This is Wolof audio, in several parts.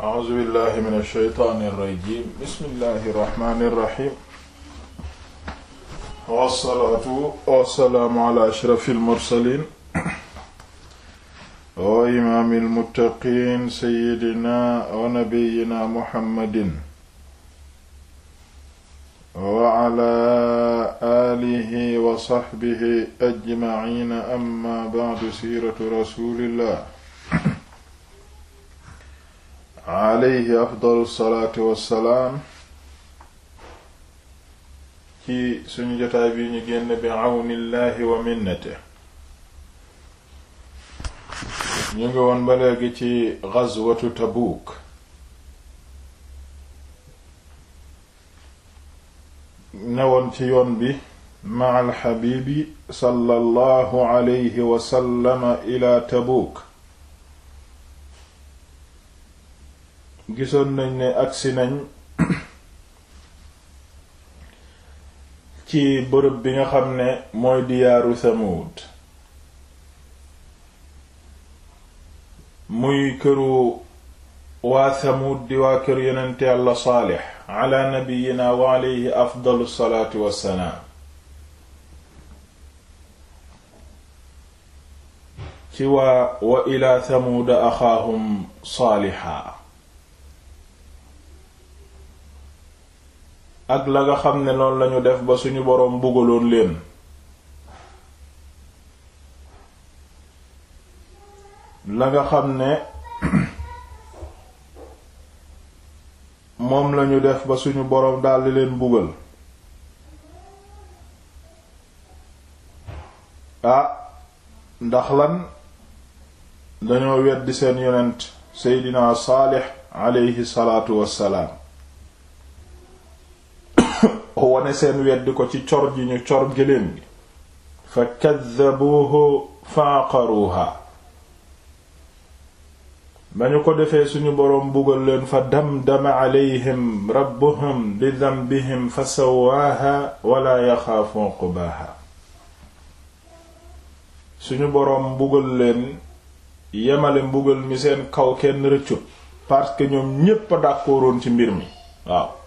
a'uuzu billahi min ash-shaytaani rajiim bismillahi rahmaani rahiim wassalaatu wassalaamu ala ashrafil mursaliin wa imaamil muttaqiin sayyidina wa nabiyyina muhammadin wa ala aalihi wa sahbihi ajma'iin amma ba'du siiratu rasuulillah alayhi afdalu salaatu wassalaam ci suñu jotaay bi ñu génn bi awnillahi wa minnate ñu ngi woon ba léegi ci gazwatu Tabuuk newoon ci yoon bi ma alxabibi sallallahu alayhi wa sallam ila Tabuuk gisoon nañ ne agsi nañ ci bërëb bi nga xam ne mooy diyaaru Samud muy këru waa Samud di waa kër yonente Yàlla Saalix ala nabiyina wa alayhi afdalu salaatu wassalaam ci waa wa ila Samuuda axaahum Saalixa ak la nga xam ne noonu lañu def ba suñu boroom buggaloon leen la nga xam ne moom lañu def ba suñu boroom daldi leen bugal ah ndax lan dañoo weddi seen yonent seydinaa saalix aleyhi salaatu wassalaam wone seen weddi ko ci cor ji ñu cor gëléem gi fa kaddabuuhu fa aqaruuha ba ko defee suñu boroom bugal leen fa damdama alayhim rabbuhum bi dambihim fa sawaaha wala yaxaafu uqbaaha suñu boroom bugal leen yemale mbugal mi seen kaw kenn rëccut parce que ñoom ñépp a d'accordoon ci mbir mi waaw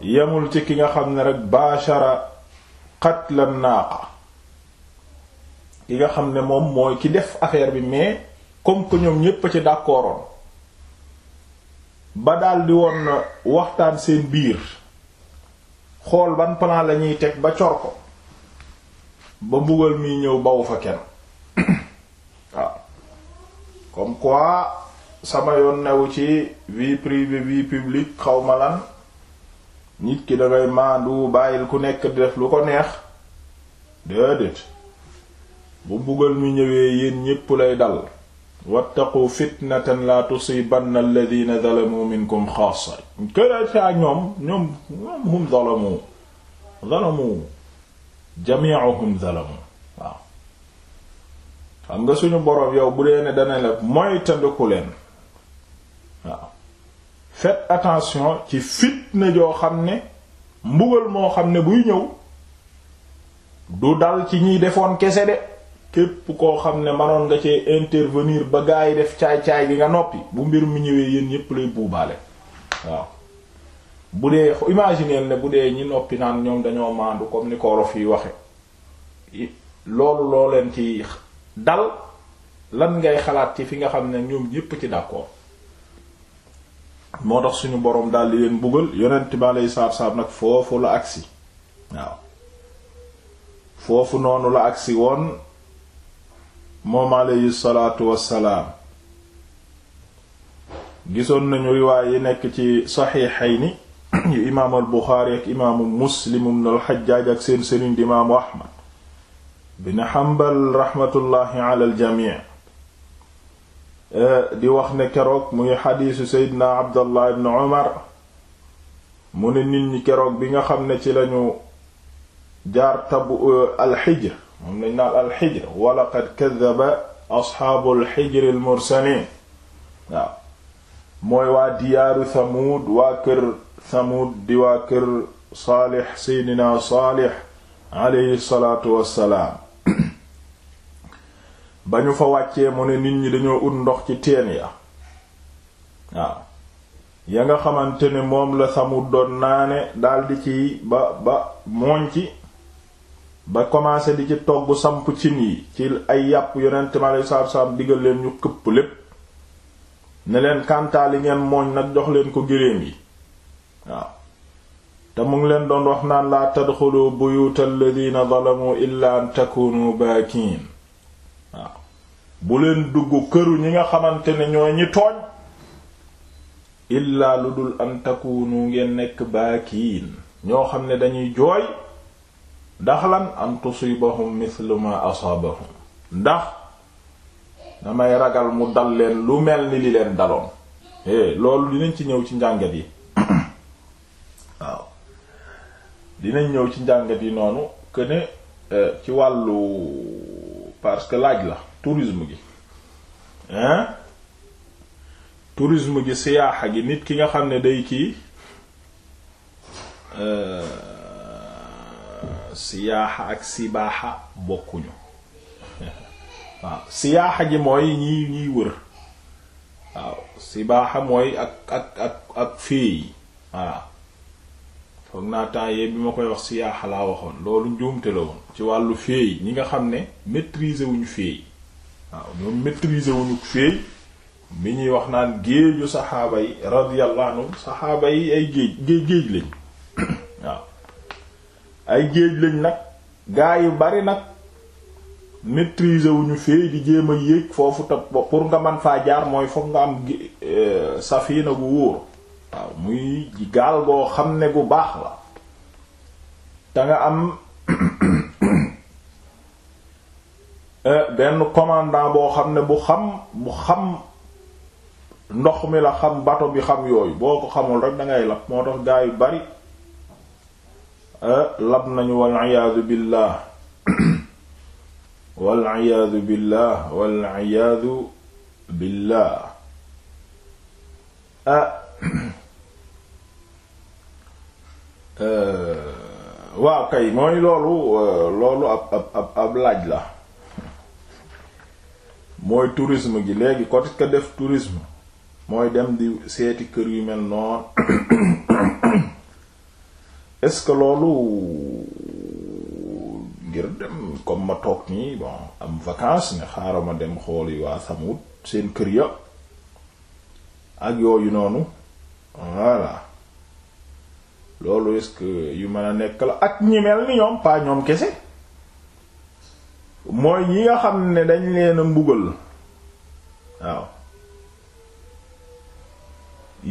yemul ci ki nga xam ne rek baashara lan naaqa ki nga xam ne moom mooy ki def affaire bi mais comme que ñoom ñépp a ci d'accordoon ba daldi woon na waxtaan seen biir xool ban plan lañuy teg ba cor ba mbugal mi ñëw bawu fa kenn comme quoi sama yoon newu ci vie privée vie publique xaw ma lan nit ki dangay maandu bàyyil ku nekk di def lu ko neex déedéet bu bugal mi ñëwee yéen ñépp lay dal wattaqu fitnatan la tusibanna alladhina zalamu minkum xaasa kërataa ñoom ñoom ñoom hum zalamu zalamu jami'uhum zalamu waaw xam nga suñu borom yow bu dee ne dana la moytandiku leen faites attention ci fitna joo xam ne mbugal moo xam ne buy ñëw du dal ci ñiy defoon kese de képp koo xam ne manoon nga cee intervenir ba gaa yi def caay-caay gi nga noppi bu mbir mu ñëwee yéen ñépp lay buubaale waaw bu dee imagineel ne bu dee ñi noppi naan ñoom dañoo maandu comme ni ko wolof yi waxe loolu loo leen ci dal lan ngay xalaat ci fi nga xam ne ñoom ñépp ci d'accord moo tax suñu boroom daal di leen buggal yonent bi alayhi salaatu salaam nag foofu la agsi waaw foofu noonu la agsi woon moom alayhi salaatu wassalaam gisoon nañu riwaay yi nekk ci saxiixayni yu imaamal Buxaari ak imaamu Muslim ibn al-Hajjaaj ak seen sëriñ di imaamu Ahmad bin Hanbal raxmatullaahi ala jamii Eh, di wax ne keroog muy xadiisu seydina abdallah ibn omar mu ne nit ñi keroog bi nga xam ne ci lañu jaar tabu eh, alxijr moom lañ naan alxijr walaqad kadaba asxaabu alxijri almursalin waaw mooy waa diyaaru thamuud waa kër thamuud di waa kër saalix seydina saalix aleyhi salaatu wassalaam ba ñu fa wàccee mu ne nit ñi dañoo ut ndox ci teen ya waaw ya nga xamante ne moom la Samud doon naane daldi ci ba ba mooñ ci ba commencé di ci togg samp cin yi ci ay yàpp yonent ma lay saab-saab digal leen ñu këpp lépp ne leen kantaa ngeen mooñ nag jox leen ko géréem yi waaw te mu ngi leen doon wax naan laa tadxulu buyuta alladina zalamu illa an takunu baakiin bu leen dugg këru ñi nga xamante ne ñoo ñi tooñ illaa lu dul an takunu ngeen nekk baakiin ñoo xam ne dañuy jooy ndax lan an tusibahum mithlu ma asaabahum ndax damay ragal mu dal leen lu mel ni li leen daloon eh loolu dinañ ci ñëw ci njàngat yi waaw dinañ ñëw ci njàngat yi noonu que eh, ci wàllu parce que laaj la tourisme gi hein tourisme gi siyaaxa gi nit ki nga xam ne day kii euh, siyaaxa ak sibaaxa bokkuñu waaw siyaaxa ji mooy ñiy ñiy wër waaw sibaaxa mooy ak ak ak ak fee yi foog naa temps bi ma koy wax siyaaxa laa waxoon loolu njuumte la ci wàllu fee yi ñi nga xam ne maîtriser wuñu fee waaw ñoom maîtriser wuñu feey mi ñuy wax naan géeju saxaaba yi radiyallahu anhum saxaaba yi ay géej géej géej lañ waaw ay géej lañ nag gaa yu bari nag maîtriser wuñu feey di jéem a yéeg foofu te pour nga man faa jaar mooy fokk nga am euh, safina gu wóor waaw muy gaal goo xam ne bu baax la te am Eh, benn commandant boo xam ne bu xam bu xam ndox mi la xam bato bi xam yooyu boo ko xamul rek dangay lab moo tax gaa yu bari eh, lab nañu wal iyaadu billah wal iyaadu billah wal eh, iyaadu waaw kay mooy loolu loolu ab ab ab laaj la mooy tourisme gi léegi ko ka def tourisme mooy dem di seeti kër yu mel noonu est-ce que loolu ngir dem comme ma toog nii bon am vacances ne xaaral ma dem xool yi waa Samut seen kër ya ak yooyu noonu voilà loolu est yu mën a nekk la ak ñi mel ni ñoom pas ñoom kese. mooy ñi nga xam ne dañ leen a mbugal waaw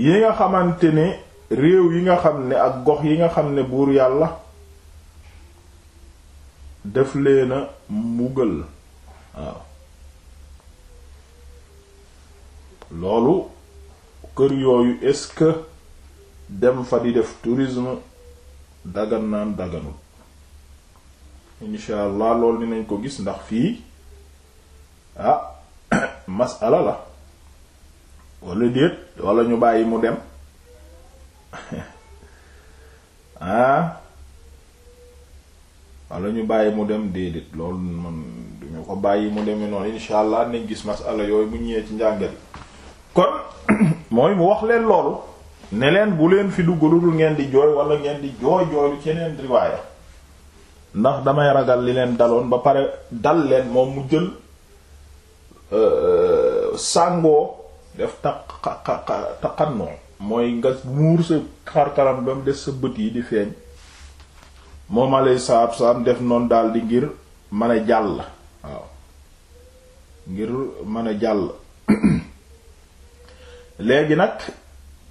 yi nga xamante ne réew yi nga xam ne ak gox yi nga xam ne buur yàlla def leen a mbugal waaw loolu kër yooyu est-ce que dem fa di def tourisme dagan naan incha allah ni nañ ko gis ndax fii ah masala la wala déet wala ñu bàyyi mu dem ah walla ñu bàyyi mu dem déedéet loolu man duñu ko bàyyi mu demee noonu incha allah nañ gis masala yooyu mu ñëwee ci njàngat yi kon mooy mu wax leen loolu ne leen bu leen fi dugg lu ngeen di jooy walla ngeen di jooy jooylu ci yeneen riwaaya ndax damay ragal li leen daloon ba pare dal leen moom mu jël euh, sàngoo def taqaa taqannoo mooy nga muur sa xarkaram ba mu des sa bët yi di feeñ moom alay salaatu salaam def noonu daldi ngir mën a jàll waaw ngir mën a jàll léegi nag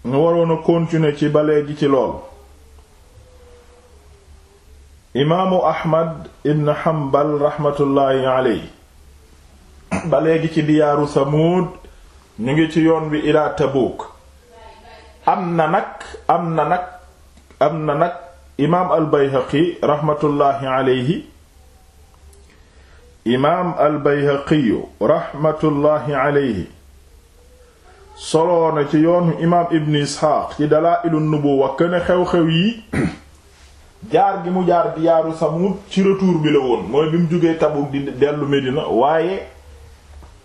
ñu waroon a continuer ci ba léegi ci lool imaamu ahmad ibn hanbal raxmatullaahi aleyhi ba léegi ci diyaaru samuud ñu ngi ci yoon wi ilaa tabuuk am na nag am na nag am na nag imaam albayhaqi raxmatullaahi aleyhi imaam albayhaqiyu raxmatullaahi aleyhi soloona ci yoonu imaam ibn isxaaq ci dalaa'ilu nubuwa këne xew-xew yi jaar gi mu jaar diyaaru Samud ci retour bi la woon mooy bi mu jógee Tabuk di dellu Medina waaye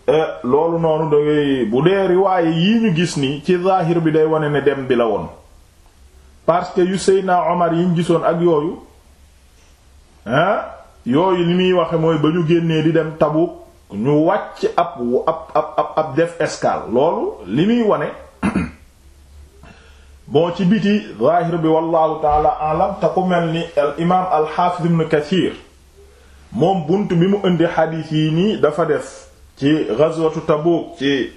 euh, loolu noonu dangay bu dee riwaaye yii ñu gis ni ci zaahir bi day wane ne dem bi la woon parce que yu Seydina Omar yi ñu gisoon ak yooyu hein yooyu li muy waxe mooy ba ñu génnee di dem Tabuk ñu wàcc ab ab ab ab def escale loolu li muy wane bon ci biti zahir bi wallahu taala alam te ku mel ni al kathir moom bunt bi mu indi xadiis yi nii dafa def ci ghazwatu tabuk ci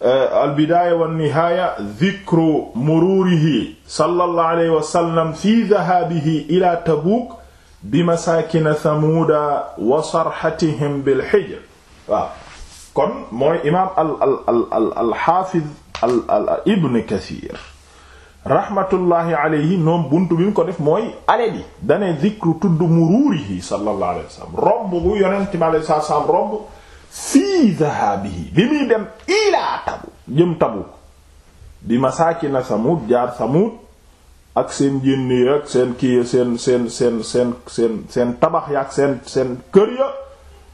eh, al bidaaya wa nihaaya dhikru mururihi sallallahu alayhi wa sallam fi dhahabihi ila tabuk bi masaakina thamuuda wa sarxatihim bil hijr waaw kon rahmatullahi alayhi noom bunt bi mu ko def mooy ale bi dane zikru tudd muruurihi sallallahu alayhi wa sallam romb bu yonent mi salaam romb fii dhahabihi bi muy dem ilaa tabu jëm tabu bi masaakina samud jaar samud ak seen jénn ya ak seen kii ya seen seen seen seen seen seen tabax ya ak seen seen kër ya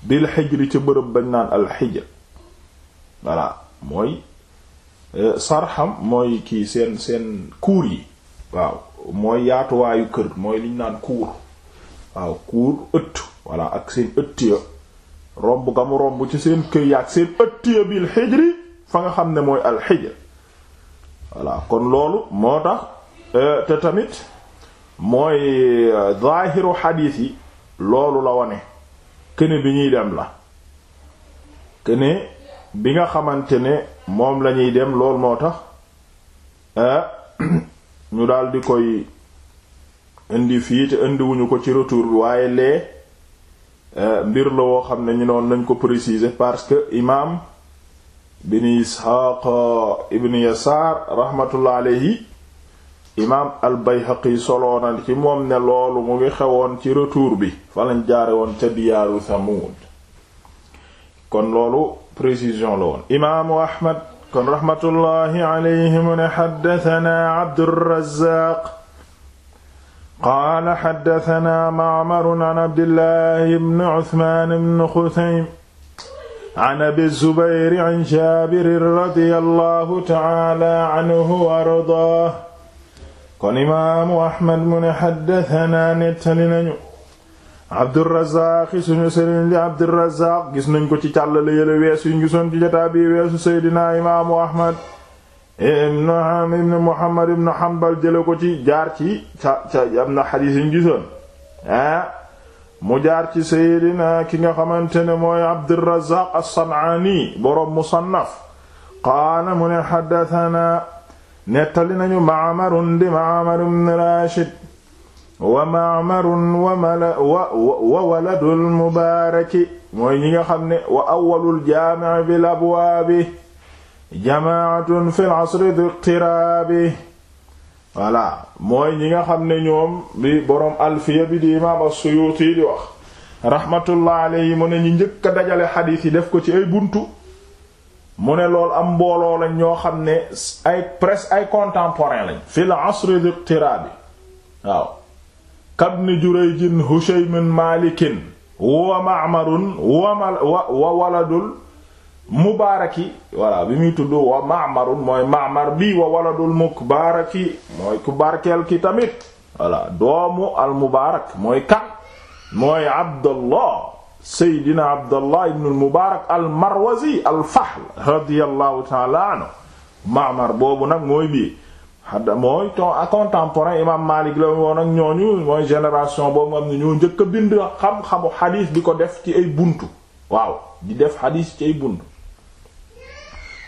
bil xijri ca bërëb bañ naan al xijr mooy Euh, sarxam mooy kii seen seen cour yi waaw mooy yaatuwaayu kër mooy liñ naan cour waaw cour ëtt voilà ak seen ëtt ya romb nga mu romb ci seen kër ya ak seen ëtt ya bil xijri fa nga xam ne mooy alxijr voilà kon loolu moo tax euh, te tamit mooy euh, zaahiru xadiis yi loolu la wane këne bi ñuy dem la këne bi nga xamante ne moom lañuy dem lool moo tax ah, ñu daldi koy indi fii te indiwuñu ko ci retour bi waaye lee eh, mbir la woo xam ne ñu noonu nañ ko préciser parce que imaam bin isxaaq ibn yasaar rahmatullah alayhi imaam al bayhaqi soloo na ci moom ne loolu mu ngi xewoon ci retour bi fa lañ jaare woon ca diyaaru thamud kon loolu précision la woon imaamu ahmad kon raxmatullahi alayhi mu ne xaddatanaa abdurrazaaq qaala xaddatanaa maamaru an abdillahi bni usmaan bni xusaym an abi zubayr an jaabirin radiyallahu taala anhu wa ardaah kon imaamu ahmad mu ne xaddatanaa nettali nañu abdurrazaaq suñu sëriñ di abdurrazaaq gis nañ ko ci càllale yële wees yuñ gisoon ci jataa bi weesu seydinaa imaamu ahmad ibn ham ibn muhammad ibn hanbal jële ko ci jaar ci ca ca xadiis yuñ gisoon ah, mu jaar ci seydinaa ki nga xamante ne mooy abdurrazaaq as-san'aani boroom musannaf qaala mu ne xaddatanaa nettali nañu ma'mar di ma'mar ibn rashid wa ma'marun wa mala wa wa waladul mubaaraki mooy ñi nga xam ne wa awwalul jaami' bil abwaabi jamaatun fil asri iqtiraabi voilà mooy ñi nga xam ne ñoom bi boroom alfiya bi di imaam as-Suyuuti di wax rahmatullah alayhi mu ne ñi njëkk dajale xadiis yi def ko ci ay buntu mu ne lool am mbooloo lañ ñoo xam ne ay presque ay contemporain lañ fil asri iqtiraabi waaw kabni jurayjin hushaymin maalikin wa ma'marun wa waladul mubaaraki walla bi muy tudd wa ma'marun mooy ma'mar bi wa waladul mukbaaraki mooy ku barkeel ki tamit walla doomu al mubaarak mooy kan mooy abdallah seydina abdallah ibn al mubaarak al marwazi al fahl radiyallahu ta'ala anhu ma'mar boobu nag mooy bii xadda mooy ah, contemporain imam Malik la woon ak ñooñu mooy génération boobu nga xam ne ñoo njëkk a bind xam-xamu xadiis di ko def ci ay buntu waaw di def xadiis ci ay buntu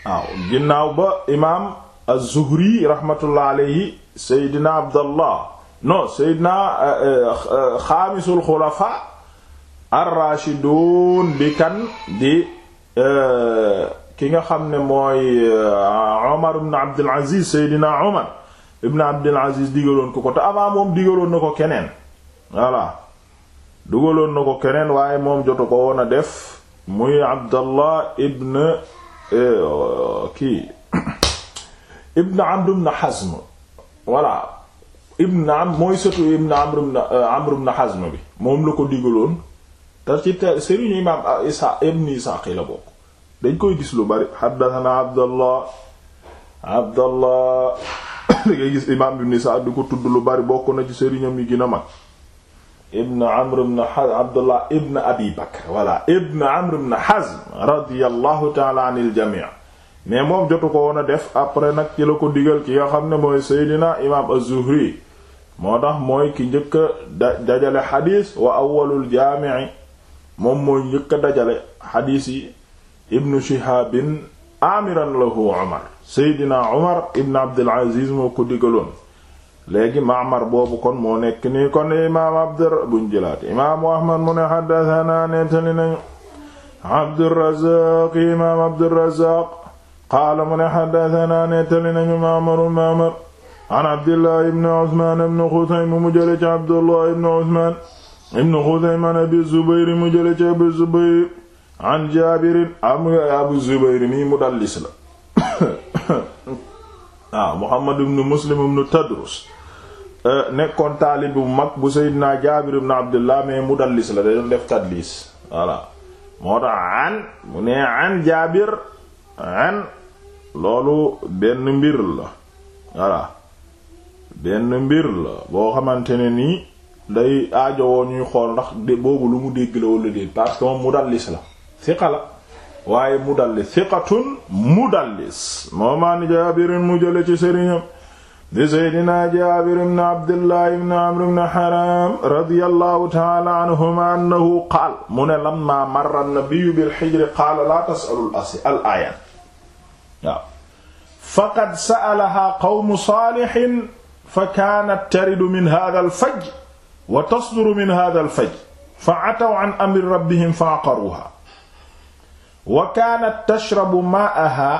waaw ginnaaw ba imaam az-Zuhri rahmatullah Seydina Abdallah non Seydina eh, eh, xaamisul xulafa ar di kan di eh, ki nga xam ne mooy euh, Omar ibn Abdul Aziz Seydina Omar ibn Abdul Aziz digaloon ko ko te avant moom digaloon na ko keneen voilà dugaloon na ko keneen waaye moom jotu ko woon a def muy Abdallah ibn euh, kii ibn Amr ibn Hazm voilà ibn Amr mooy sëtu ibn Amr ibn euh, Amr ibn Hazm bi moom la ko digaloon te ci te sëriñu imaam Isa ibn Isaaq la bokk dañ koy gis lu bari xaddathana abdallah abdallah dangay gis imaam ibn Sa'd di ko tudd lu bari bokk na ci sëriñam yi gën a mag ibn amr ibn abdullah ibn abi bakr walla jamii mais moom jotu ko woon a def après nag ci la ko digal ki nga xam ne mooy seydina imaam az-zuhri moo tax mooy ki njëkk a dajale xadiis wa awwalul jaamii moom mooy njëkk dajale xadiis yi ibnu shihaabin aamiran lahu omar seydina omar ibn abdul aziz moo ko digaloon léegi maamar boobu kon moo nekk nii kon imaam abdur buñ jëlaat imaamu ahmad mu ne xaddasanaa nettali nañu abdurazaq imaam abdurazaq qaala mu ne xaddasanaa nettali nañu maamaru maamar an abdillah ibn usmaan ibn xusaym mu jële ci abdullah ibn usmaan ibn xusaym an abi zubayr mu abi zubayr an jaabirin am abu zubayr nii mudallis la waaw ah, muhammad ibnu muslim ibnu tadrus eh, nekkoon taalib bu mag bu seydinaa jaabir ibnu abdullah mais mudallis la day doon def tadlis voilà moo tax an mu ne an jaabir an loolu benn mbir la voilà benn mbir la boo xamante ne nii day woo ñuy xool ndax de boobu lu mu dégg la walla déet parce que moom mudallis la siqa la waaye mudallis siqatun mudallis moomaan jaabirin mu jële ci sëriñam di seydina jaabir ibn abdullah ibn amr ibn haram radiyallahu taala anhuma annahu qaal mu ne lamma marra nabiyu bil hijr qaala laa tasalu al aayaat waaw faqad sa'alahaa qawmu saalihin fa kaanat taridu min haadhal fajj wa tasduru min haadhal fajj fa ataw an amri rabbihim fa aqaruuhaa wa kaanat tashrabu maa'aha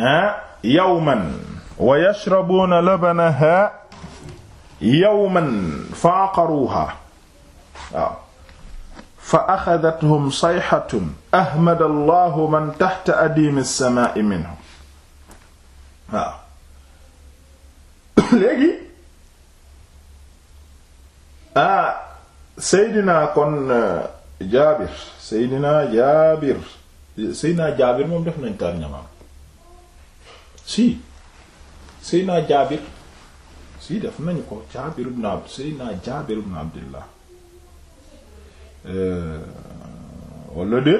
ah, yawman wa yashrabuuna labanaha yawman fa aqaruuha waaw fa axadathum sayxatun ahmada allahu man taxta adiimi samaai minhum waaw léegi ah seydinaa kon eh, jaabir seydinaa jaabir seydinaa jaabir moom def nañ taal ñamaam si seydinaa jaabir si def nañu ko jaabir ibn abd seydinaa jaabir ibn abdillah euh, walla de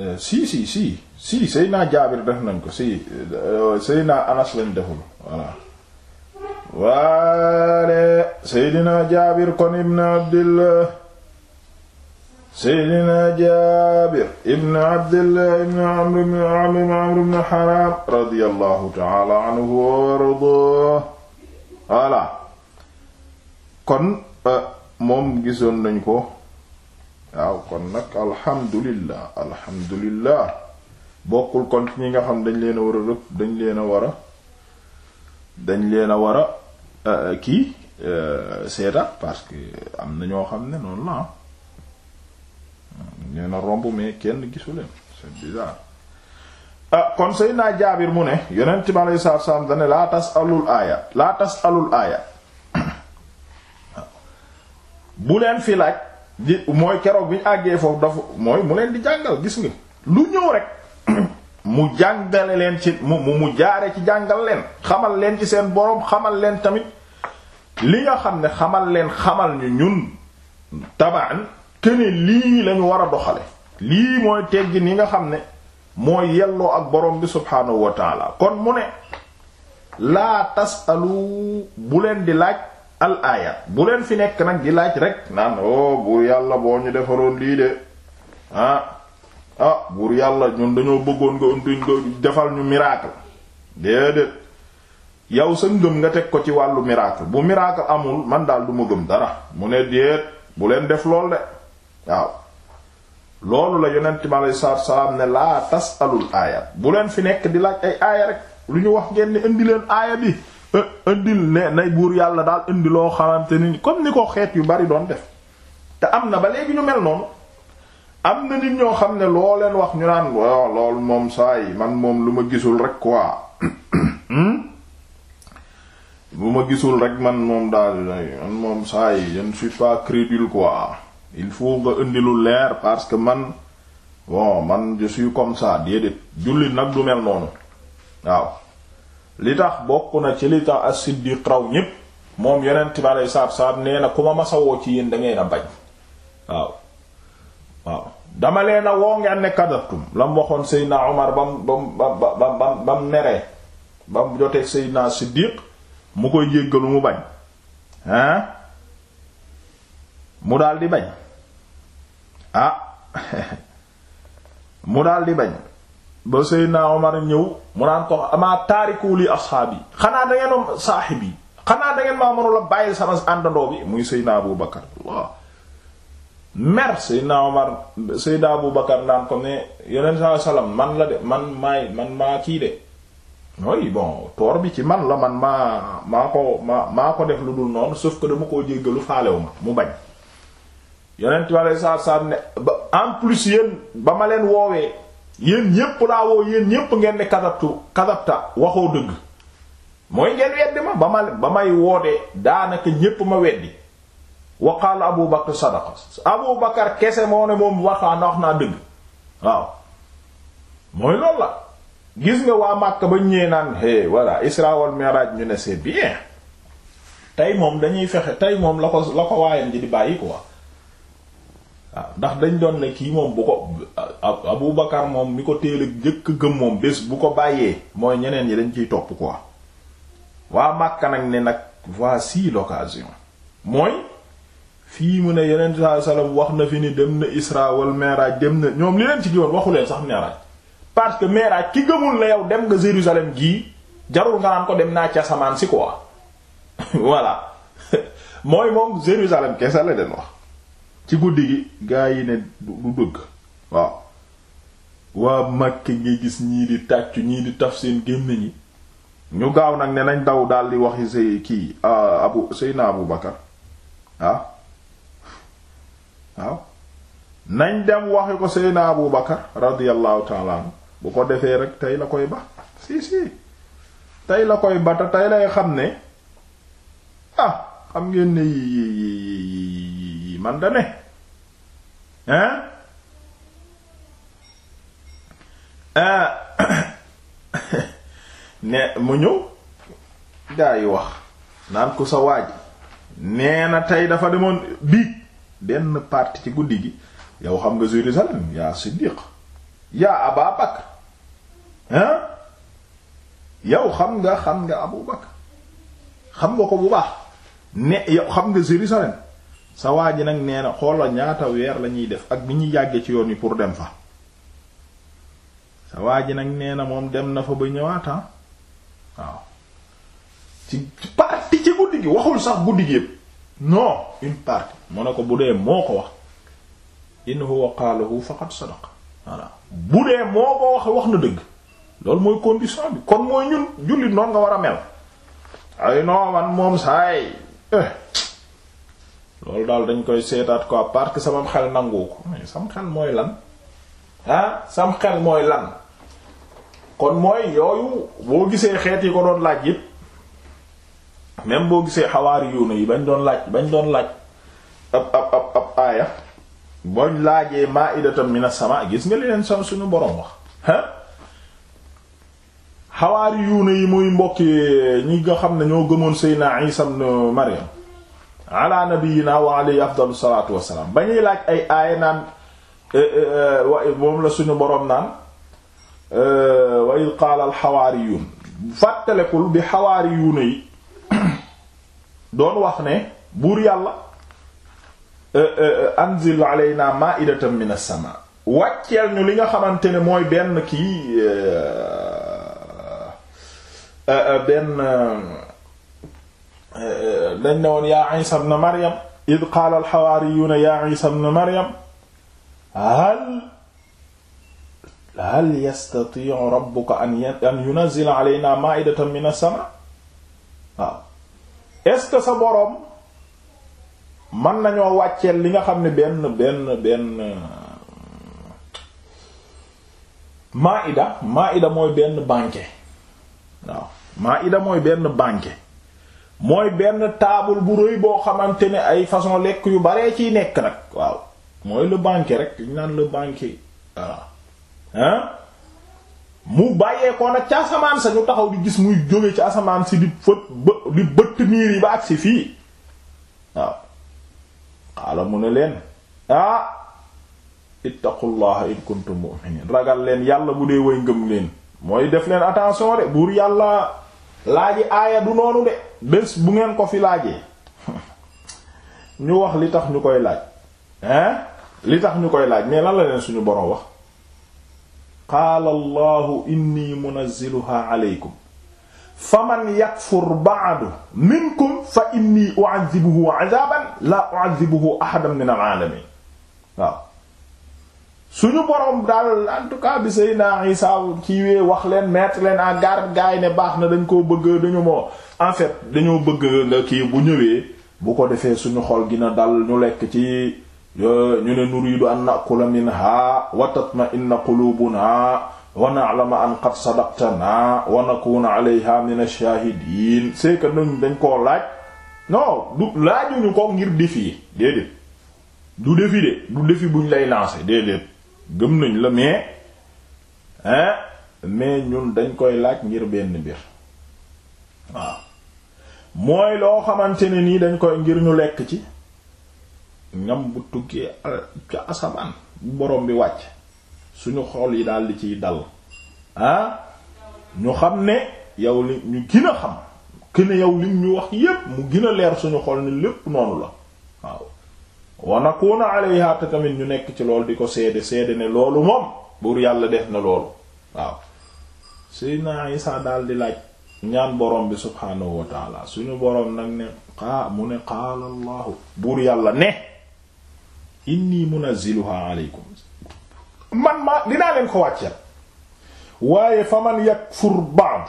euh, si si si si seydinaa jaabir def nañ ko si euh, seydinaa anas lañ deful voilà waale seydina jaabir kon ibn abdillah seydina jaabir ibn abdillah ibn amr ibn amr ibn amr ibn haram radiyallahu ta'ala anhu wa ardaah voilà kon euh, moom gisoon nañ ko waaw kon nag alhamdulillah alhamdulillah bokkul kon ci ñi nga xam dañ leen a war a rëbb dañ leen a war a dañ leen a war a Euh, euh, kii euh, seeta parce que am na ñoo xam ne noonu la ah. nee romb mais kenn gisuleen c'est bizarre ah kon naa jaabir mu ne yonent bi alei salatu salaam laa tas alul aaya laa tas alul aaya ah. bu leen fi laaj di mooy keroog bi ñu àggee foofu dafa mooy mu leen di jàngal gis nga lu ñëw rek mu jàngale leen ci mu mu jaare ci jàngal leen xamal leen ci seen boroom xamal leen tamit li nga xam ne xamal leen xamal ñu ñun tabaan këne lii lañu war a doxale lii mooy teggi ni nga xam ne moo yelloo ak boroom bi subhaanahu wa kon mu ne laa tasalu bu leen di laaj al aayat bu leen fi nekk nag di laaj rek naan o oh, bu yàlla boo ñu defaroon lii de ah ah buur yàlla ñun dañoo bëggoon nga untuñ nga defal ñu miracle déedéet yow sa ngëm nga teg ko ci wàllu miracle bu miracle amul man daal du ma gëm dara mu ne déet bu leen def lool de waaw loolu la yonent mi aleyhi salaatu salaam ne laa tas tasalul aaya bu leen fi nekk di laaj ay aaya rek lu ñu wax ngeen ne indi leen aaya bi e, indil ne nay buur yàlla daal indi loo xamante ni comme ni ko xeet yu bari doon def te am na ba léegi ñu mel noonu am na nit ñoo xam ne loo wax ñu naan waaw loolu moom saa yi man moom lu ma gisul rek quoi hmm? lu ma gisul rek man moom daal man moom saa yi je ne suis pas crédule quoi il faut nga indi lu leer parce que man bon man je suis comme ça déedéet jullit nag du mel noonu waaw li tax bokk na ci li tax as-Siddiq raw ñépp moom yonent bi aleyhi salaatu salaam nee na ku ma masawoo ci yéen da ngay na bañ waaw waaw dama leen a woo ngeen ne kadabtum la mu waxoon Seydina Omar ba mu ba mu ba mu neree ba mu jotee Seydina Siddiq mu koy jéggalu mu bañ hein mu daal di bañ ah mu daal di bañ ba Seydina Omar ñëw mu naan ko amaa taariku li asxaabi xanaa da ngeen saaxib yi xanaa dangeen ngeen maa mënula bàyyi sama àndandoo bi muy Seydina Abu Bakar waaw mer Seydina Omar Seydina Abu Bakar naan ko ne yeneen saa salaam man la de man maay man maa kii de mooy bon toor bi ci man la man maa maa ko maa maa ko def lu dul noonu sauf que dama koo jéggalu faalewu ma mu bañ yeneen wale saa saa ne ba en plus yéen ba ma leen woowee yéen ñépp laa woo yéen ñépp ngeen ne kasabtu kasabta waxoo dëgg mooy ngeen weddi ma ba ma ba may woodee daanaka ñépp ma weddi wa qaala Abu Bakr sadaqa Abu Bakr kese moo ne moom waxaa na wax naa dëgg waaw mooy loolu la gis nga waa Makka ba ñëwee naan hey voilà Isra wal Mi'raj ñu ne c'est bien tey moom dañuy fexe tey moom la ko la ko waayam ji di bàyyi quoi waaw ndax dañ doon ne kii moom bu ko Abu moom mi ko teel a njëkk gëm moom bés bu ko bàyyee mooy ñeneen yi dañ ciy topp ko waa Makka nag ne nag voici l'occasion mooy. fii mu ne yeneen saa salaam wax na fi ni dem na Isra wal dem na ñoom li leen ci giwoon waxu leen sax Mi'raj parce que Mi'raj ki gëmul na yow dem nga Jérusalem gii jarul nga naan ko dem naa ci asamaan si quoi voilà mooy moom Jérusalem kese la leen wax ci guddi gi gaa yi ne du dëgg waaw waa Makka ngay gis ñii di tàccu ñii di taf seen gémmiñ ñi ñu gaaw nag ne nañ daw daal di waxi say kii ah, Abu Seyna Abu Bakar ah waaw nañ dem waxi ko Seydina Abu Bakar radiyallahu taala bu ko defee rek tey la koy ba si si tey la koy ba te tey lay xam ne ah xam ngeen ne yi yi yi man da ne ah. ne mu ñëw gaa yi wax naan ko sa waaj nee na tey dafa demoon biig benn partie ci guddi gi yow xam nga Jérusalem yaa Siddiq yaa Aba Bakr hein yow xam nga xam nga Abu Bakr xam nga ko bu baax ne yow xam nga Jérusalem sa waa ji nag nee na xoola ñaata weer la ñuy def ak bi ñuy yàggee ci yoon wi pour dem fa sa waa ji nag nee na moom dem na fa ba ñëwaata ah. waaw ci partie ci guddi gi waxul sax guddi gi non une partie mu ne ko bu dee moo ko wax in huwa qaalahu faqad sadaqa voilà bu dee moo ko wax wax na dëgg loolu mooy condition bi kon mooy ñun jullit noonu nga war a mel ay non man moom saay eh. loolu daal dañ koy seetaat quoi parce que sama xel nangu ko sam xel mooy lan ah sam xel mooy lan kon mooy yooyu boo gisee xeet yi ko doon laaj yépp même boo gisee xawaari yoona yi bañ doon laaj bañ doon laaj ab ab ab ab aaya boñ laajee ma'idatan mina sama gis nga li leen sam suñu borom wax ah xawaari yuuna yi muy mbokki ñi nga xam ne ñoo gëmoon Seydina Isa ibn Maryam ala nabiyyina wa alayhi afdalu salaatu wassalaam ba laaj ay aaya naan e, e, e, moom la suñu borom naan wa id qaala al xawaariyuun fàttalekul bi xawaari yuuna yi doon wax ne buur yàlla euh, euh, euh, anzil alayna ma'idatan minas sama wàcceel ñu li nga xamante ne mooy benn kii benn dañ ne woon yaa Isa ibn Maryam id qaala alxawaariyuuna yaa Isa ibn Maryam hal hal yastati'u rabbuka an yunazzila alaynaa maa'idatan minas sama waaw est-ce que sa boroom mën nañoo wàcceel li nga xam ne benn benn benn euh, maida maida mooy benn banquet waaw maida mooy benn banquet mooy benn taabul bu rëy boo xamante ne ay façon lekk yu baree ciy nekk nag waaw mooy le banquet rek ñu naan le banquet voilà hein mu bàyyeekoo nag ca asamaan sa ñu taxaw di gis muy jóge ci asamaan si di fët bë di bëtt niir yi ba agsi fii waaw xaala mu ne leen ah ittaqullaha in kuntum mu'minin ragal leen yàlla bu dee way ngëm leen mooy def leen attention de buur yàlla laaji aaya du noonu de bés bu ngeen ko fi laajee ñu wax li tax ñu koy laaj hein li tax ñu koy laaj mais la leen suñu borom wax qaala allahu inni munazziluha aleykum faman yakfur ba'du minkum fa inni u'adhibuhu 'adaban la u'adhibuhu ahadan min al'alamin waaw suñu boroom daal en tout cas bi Seydina Isa kiiwee wax leen mettre leen en garde gaay ne baax na dañ koo bëgg dañu moo en fait dañoo bëgg nga kii bu ñëwee bu ko defee suñu xol gi na dal ñu lekk ci ñu ne nuriidu an nakula minha wa tatma'inna quluubuna wa na'lama an qad sadaqtana wa nakuna alayha min ash-shahidin c'est que dañ koo laaj non du laajuñu ko ngir défi déedéet du défi de du défi buñ lay lancer déedéet gëm nañ la mais hein mais ñun dañ koy laaj ngir benn mbir waaw mooy loo xamante ne nii dañ koy ngir ñu lekk ci ñam bu tukkee ca asamaan bu borom bi wàcc suñu xool yi daal di ciy dal ah ñu xam ne yow li ñu gën a xam que ne yow li ñu wax yépp mu gin a leer suñu xool ni lépp noonu la waaw wanakuuna alayha te tamit ñu nekk ci loolu di ko seede seede ne loolu moom buur yàlla def na loolu waaw Seydina Isa daal di laaj ñaan bi subhaanahu wa suñu borom nag ne xaa mu ne qaala buur yàlla ne inni munazziluha aleykum man ma dinaa leen ko wàcceel waaye fa man yakfur ba'd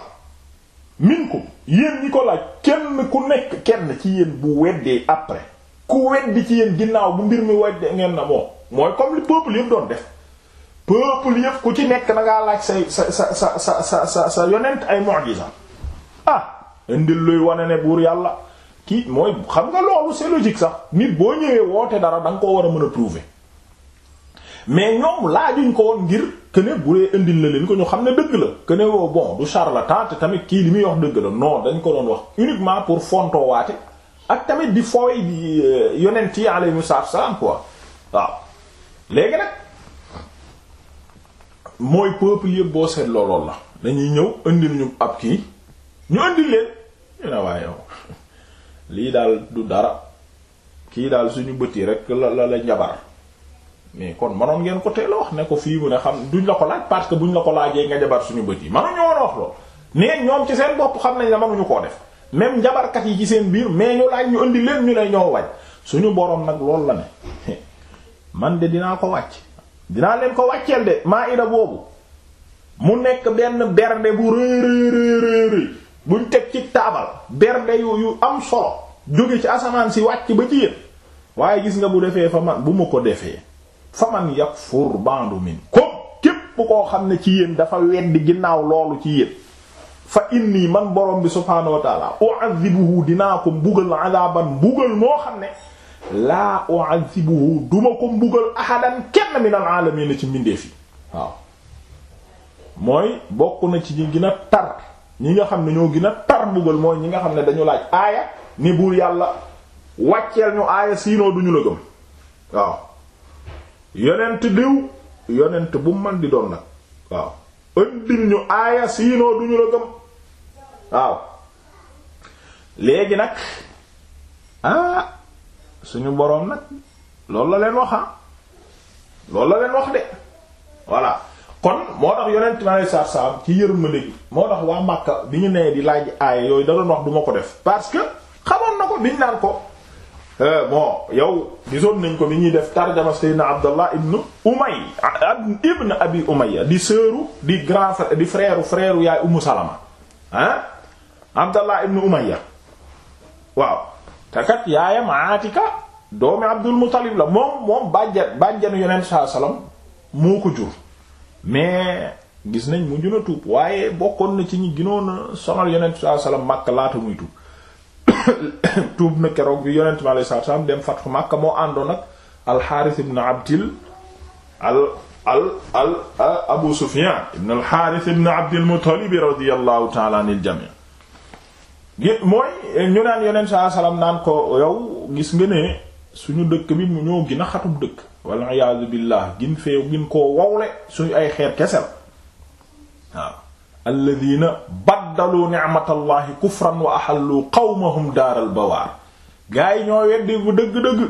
minkum yéen ñi ko laaj kenn ku nekk kenn ci yéen bu weddee après ku weddi ci yéen ginnaaw bu mbir mi wedde ngeen na moom mooy comme li peuple yëpp doon def peuple yëpp ku ci nekk na ngaa laaj say sa sa sa sa sa sa yonent ay mu'jiza ah indil luy wane ne buur yàlla kii mooy xam nga loolu c'est logique sax nit boo ñëwee woote dara danga koo war a mën a prouver mais ñoom laajuñ ko woon ngir que ne bu dee indil na leen ko ñu xam ne dëgg la que ne woo bon du charlatan te tamit kii li muy wax dëgg la non dañ ko doon wax uniquement pour fonto waate ak tamit di fooy di euh, yonent yi alayhimu salaam quoi waaw léegi nag mooy peuple yëpp boo seet loolool la dañuy ñëw indil ñu ab kii ñu indil leen ñu ne waaye yow lii daal du dara kii daal suñu bët yi rek la la la njabar mais kon manoon ngeen ko teel a wax ne ko fii bu ne xam duñ la ko laaj parce que buñ la ko laajee nga jabar suñu bët yi mënuñu woon wax lool mais ñoom ci seen bopp xam nañ ne ñu koo def même njabarkat yi ci seen biir mais ñu laaj ñu indi leen ñu lay ñoo wàcc suñu boroom nag loolu la ne man de dinaa ko wàcc dinaa leen ko wàcceel de maa ida boobu mu nekk benn bernde bu rëy buñ teg ci taabal bernde yu yu am solo jóge ci asamaan si wàcc ba ci yéen waaye gis nga bu defee fa man bu ma ko defee fa man yakfur ba'du ko képp koo xam ne ci yéen dafa weddi ginnaaw loolu ci yéen fa inni man borom bi subhaanahu wa taala u'adhibuhu dinaa ko mbugal adaban mbugal moo xam ne laa u'adhibuhu duma ko mbugal ahadan kenn min al alamin ci mbindeef yi waaw mooy bokk na ci ñi gën tar ñi nga xam ne ñoo gën a tar mbugal mooy ñi nga xam ne dañu laaj aaya ni buur yàlla wàcceel ñu aaya siinoo duñu la gëm waaw yonent diw yonent bu man di doon nag waaw ëndil ñu aaya siinoo duñu la gëm waaw léegi nag ah suñu boroom nag loolu la leen wax ah loolu la leen wax de voilà kon moo tax yonent mi alayhi salaatu salaam ci yërmande gi moo tax waa Makka bi ñu nee di laaj aaya yooyu da doon wax du ko def parce que xamoon na ko biñ naan ko euh, bon yow gisoon nañ ko bi ñuy def tarjama Seydina Abdallah ibn Umay ibn Abi Umayya di sœuru di grand frère di frère frère yaay Ummu Salama ah Abdallah ibn Umayya waaw te yaayam Aatika doomi Abdul Muttalib la moom moom bàjjanu yonent salaam moo ko jur mais gis nañ mujj na tuub waaye bokkoon na ci ñi ginoon sonal yonent sallallahu alayhi wasallam Makka laata muy tuub tuub na keroog bi yonent sallallahu alayhi wasallam dem fatxu Makka moo àndoon ak al-Harith ibn Abdil al al al Abu Sufyan ibn al-Harith ibn Abdil Muttalib radiyallahu ta'ala anil jami' mooy ñu naan yonent sallallahu naan ko yow gis nga ne suñu dëkk bi mu ñoo gën a xatub dëkk walla iyaazu billaah gin fee gin koo wowle suñu ay xeer kese la waaw alladina baddalu ni'matallahi kufran wa ahallu qawmahum daaral bawaar gaa yi ñoo weddi bu dëgg-dëgg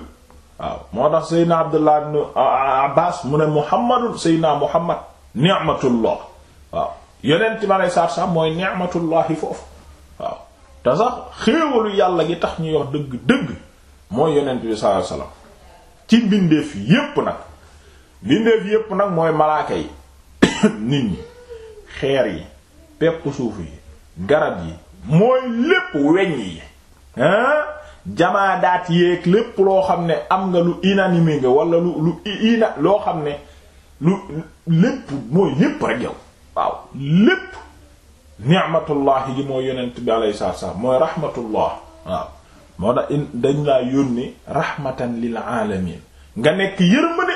waaw moo tax seydna abdullah ibn abbas mu ne muhammadun seydna muhammad ni'matullah waaw yonent bi alei satu salaam mooy ni'matullahi foofu waaw te sax xéewalu yàlla gi tax ñuy wax dëgg-dëgg mooy yonent bi sallallahu alayhi wasallam ci mbindeef yépp nag mbindeef yépp nag mooy malaaka yi nit ñi xeer yi pepp suuf yi garab yi mooy lépp weñ yi jamaadaat yéeg lépp loo xam ne am nga lu inanimé nga wala lu lu ina loo xam ne lu lépp mooy lépp rek yow waaw lépp ni'matullahi gi mooy yonent bi alayhi salaatu wa mooy rahmatullah waaw moo tax dañ laa yónni rahmatan lil alamin nga nekk yërmande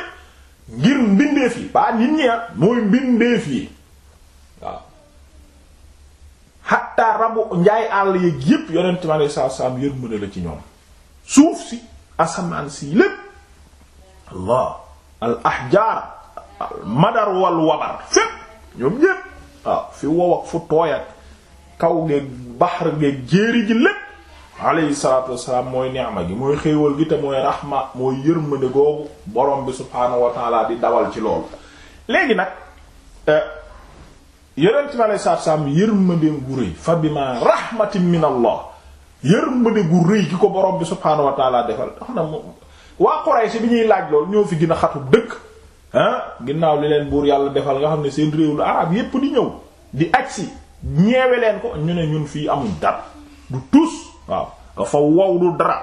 ngir mbindeef yi ba nit ñi ah mooy mbindeef yi waaw xatta rabu njaay àll yéeg yépp yonent mi alei saatu salaam yërmande la ci ñoom suuf si asamaan si lépp allah al ahjaar al madar wal wabar fépp ñoom ñépp fi wow ak fu kaw geeg baxar geeg jéeri ji lépp alayhi salaatu wassalaam mooy ni'ma gi mooy xéewal gi te mooy rahma mooy yërmande googu borom bi subhaanahu wa taala di dawal ci loolu léegi nag eh, yonent bi alayhi salaatu wassalaam yërmandeem gu rëy fa bima rahmatin min allah yërmande gu rëy gi ko borom bi subhaanahu wa taala defal tax na waa Quraysh bi ñuy laaj lool ñoo fi gën a xatu dëkk ah ginnaaw li leen buur yàlla defal nga xam ne seen réew lu arab yépp di ñëw di agsi ñeewe leen ko ñu ne ñun fii amul dara waaw nga wow du dara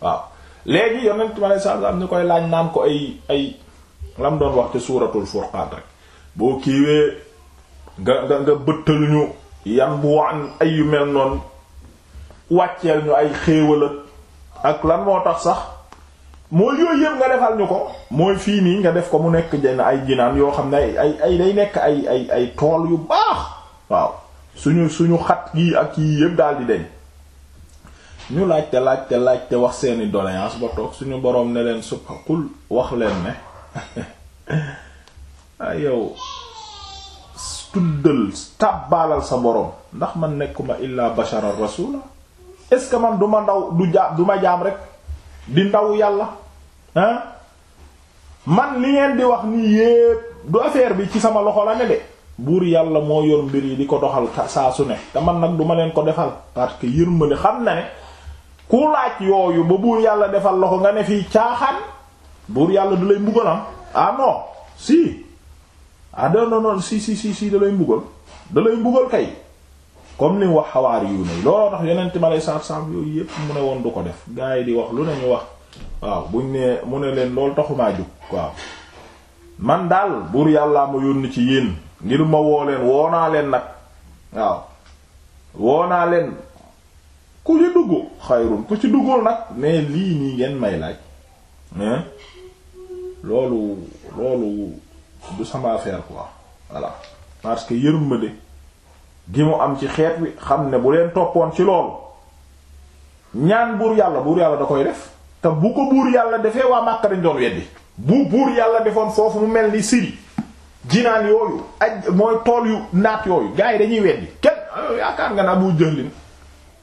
waaw léegi yonent bi aleyhi salaatu salaam ñu koy laaj naan ko ay ay lam doon wax ci suuratul furqaan rek boo kiiwee nga nga nga bëttal ñu yan bu waan ay mel noonu wàcceel ñu ay xéewal ak lan moo tax sax mooy yooyu nga defal ñu ko mooy fii nii nga def ko mu nekk jenn ay jinaan yoo xam ne ay ay day nekk ay ay ay tool yu baax waaw suñu suñu xat gi ak yii yëpp daal di deñ ñu laajte laajte laajte wax seeni doléance ba toog suñu boroom ne leen subha qul wax leen ne ay ah, yow tuddal tàbbaalal sa boroom ndax man nekkuma illaa basharal rasula est-ce que man du ma ndaw du jaam duma ma jaam rek di ndaw yàlla man li ngeen di wax nii yépp du affaire bi ci sama loxo la ne de buur yàlla moo yor mbir yi di ko doxal saa su ne te man nag du ma leen ko defal parce que yërmande xam na ne ku laaj yooyu ba buur yàlla defal la ko nga ne fii caaxaan buur yàlla du lay mbugalam ah. ah non si ah noonu non si si si si da lay mbugal da lay mbugal kay comme ni wax xawaar yu ne looloo tax yeneen ma lay saaf saaf yooyu yëpp mu ne woon du ko def gars yi di wax lu ne ñu wax waaw buñ ne mu ne leen loolu taxumaa jóg waaw man daal buur yàlla ma yónni ci yéen ngir ma woo leen woo naa leen nag waaw woo naa leen. ku ci dugg xayrun ku ci duggoon nag mais lii nii ngeen may laaj loolu loolu du sama affaire quoi voilà parce que yërmande gi mu am ci xeet wi xam ne bu leen toppoon ci loolu ñaan buur yàlla buur yàlla da koy def te bu ko buur yàlla defee waa Màkka dañ doon weddi bu buur yàlla defoon foofu mu mel ni Syrie jinaan yooyu aj mooy tool yu naat yooyu gars yi dañuy weddi kenn ah, yaakaar nga naa Abu Jahlin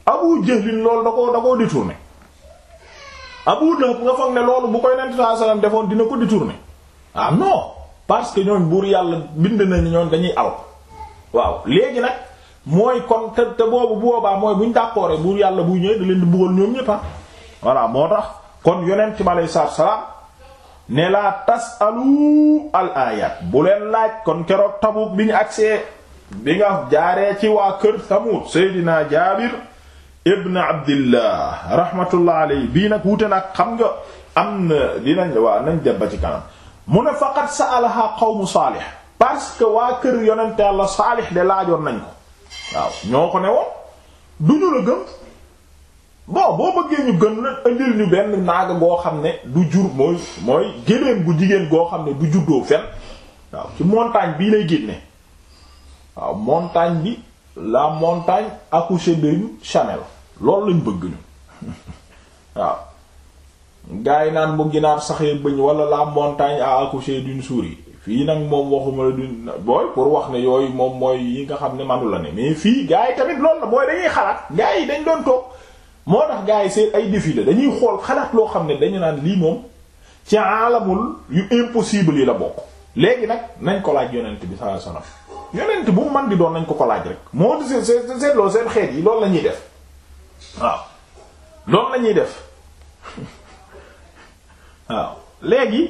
Abu Jahlin loolu da koo da koo détourné Abu Lahab nga foog ne loolu bu koy nent sallallahu defoon dina ko détourné ah non parce que ñoom buur yàlla bind nañu ñoom dañuy aw waaw léegi nag mooy kon te boobu boobaa mooy buñ dàqooree buur yàlla bu ñëwee da leen di bëggoon ñoom ñëpp a ah. voilà moo tax kon yonent bi aleyhi salaatu salaam ne laa tasalu al ayat bu leen laaj kon keroog Tabuk bi ñu agsee bi nga jaaree ci waa kër Samud Seydina Jaabir ibn abdillah rahmatullah alayhi bii nag wuute nag xam nga am na dinañ waa nañ dem ba ci kanam mu ne faqat sa'alaha qawmu saalih parce que waa kër yonente yàlla saalih de laajoon nañ ko waaw ñoo ko ne woon du ñu la gëm bon boo bëggee ñu gën la indil ñu benn naaga goo xam ne du jur mooy mooy gu jigéen goo xam ne du juddoo fen waaw ci montagne bii lay génne waaw montagne bi la montagne accouchée d'une chamelle loolu lañu bëgg ñu waaw gaa yi naan bu ginaar saxee bëñ wala la montagne a accouché d'une souris fii nag moom waxuma la du booy pour wax ne yooyu moom mooy yi nga xam ne manu la ne mais fii gaa yi tamit loolu la mooy dañuy xalaat gaa yi dañ doon toog moo tax gaa yi seen ay défi la dañuy xool xalaat loo xam ne dañu naan lii moom ci aalamul yu impossible yi la bokk léegi nag nañ ko laaj yonent bi sallallahu alayhi wasallam yonent bu man di doon nañ ko ko laaj rek moo di seen seen xeet yi loolu la ñuy def waaw loolu la def waaw léegi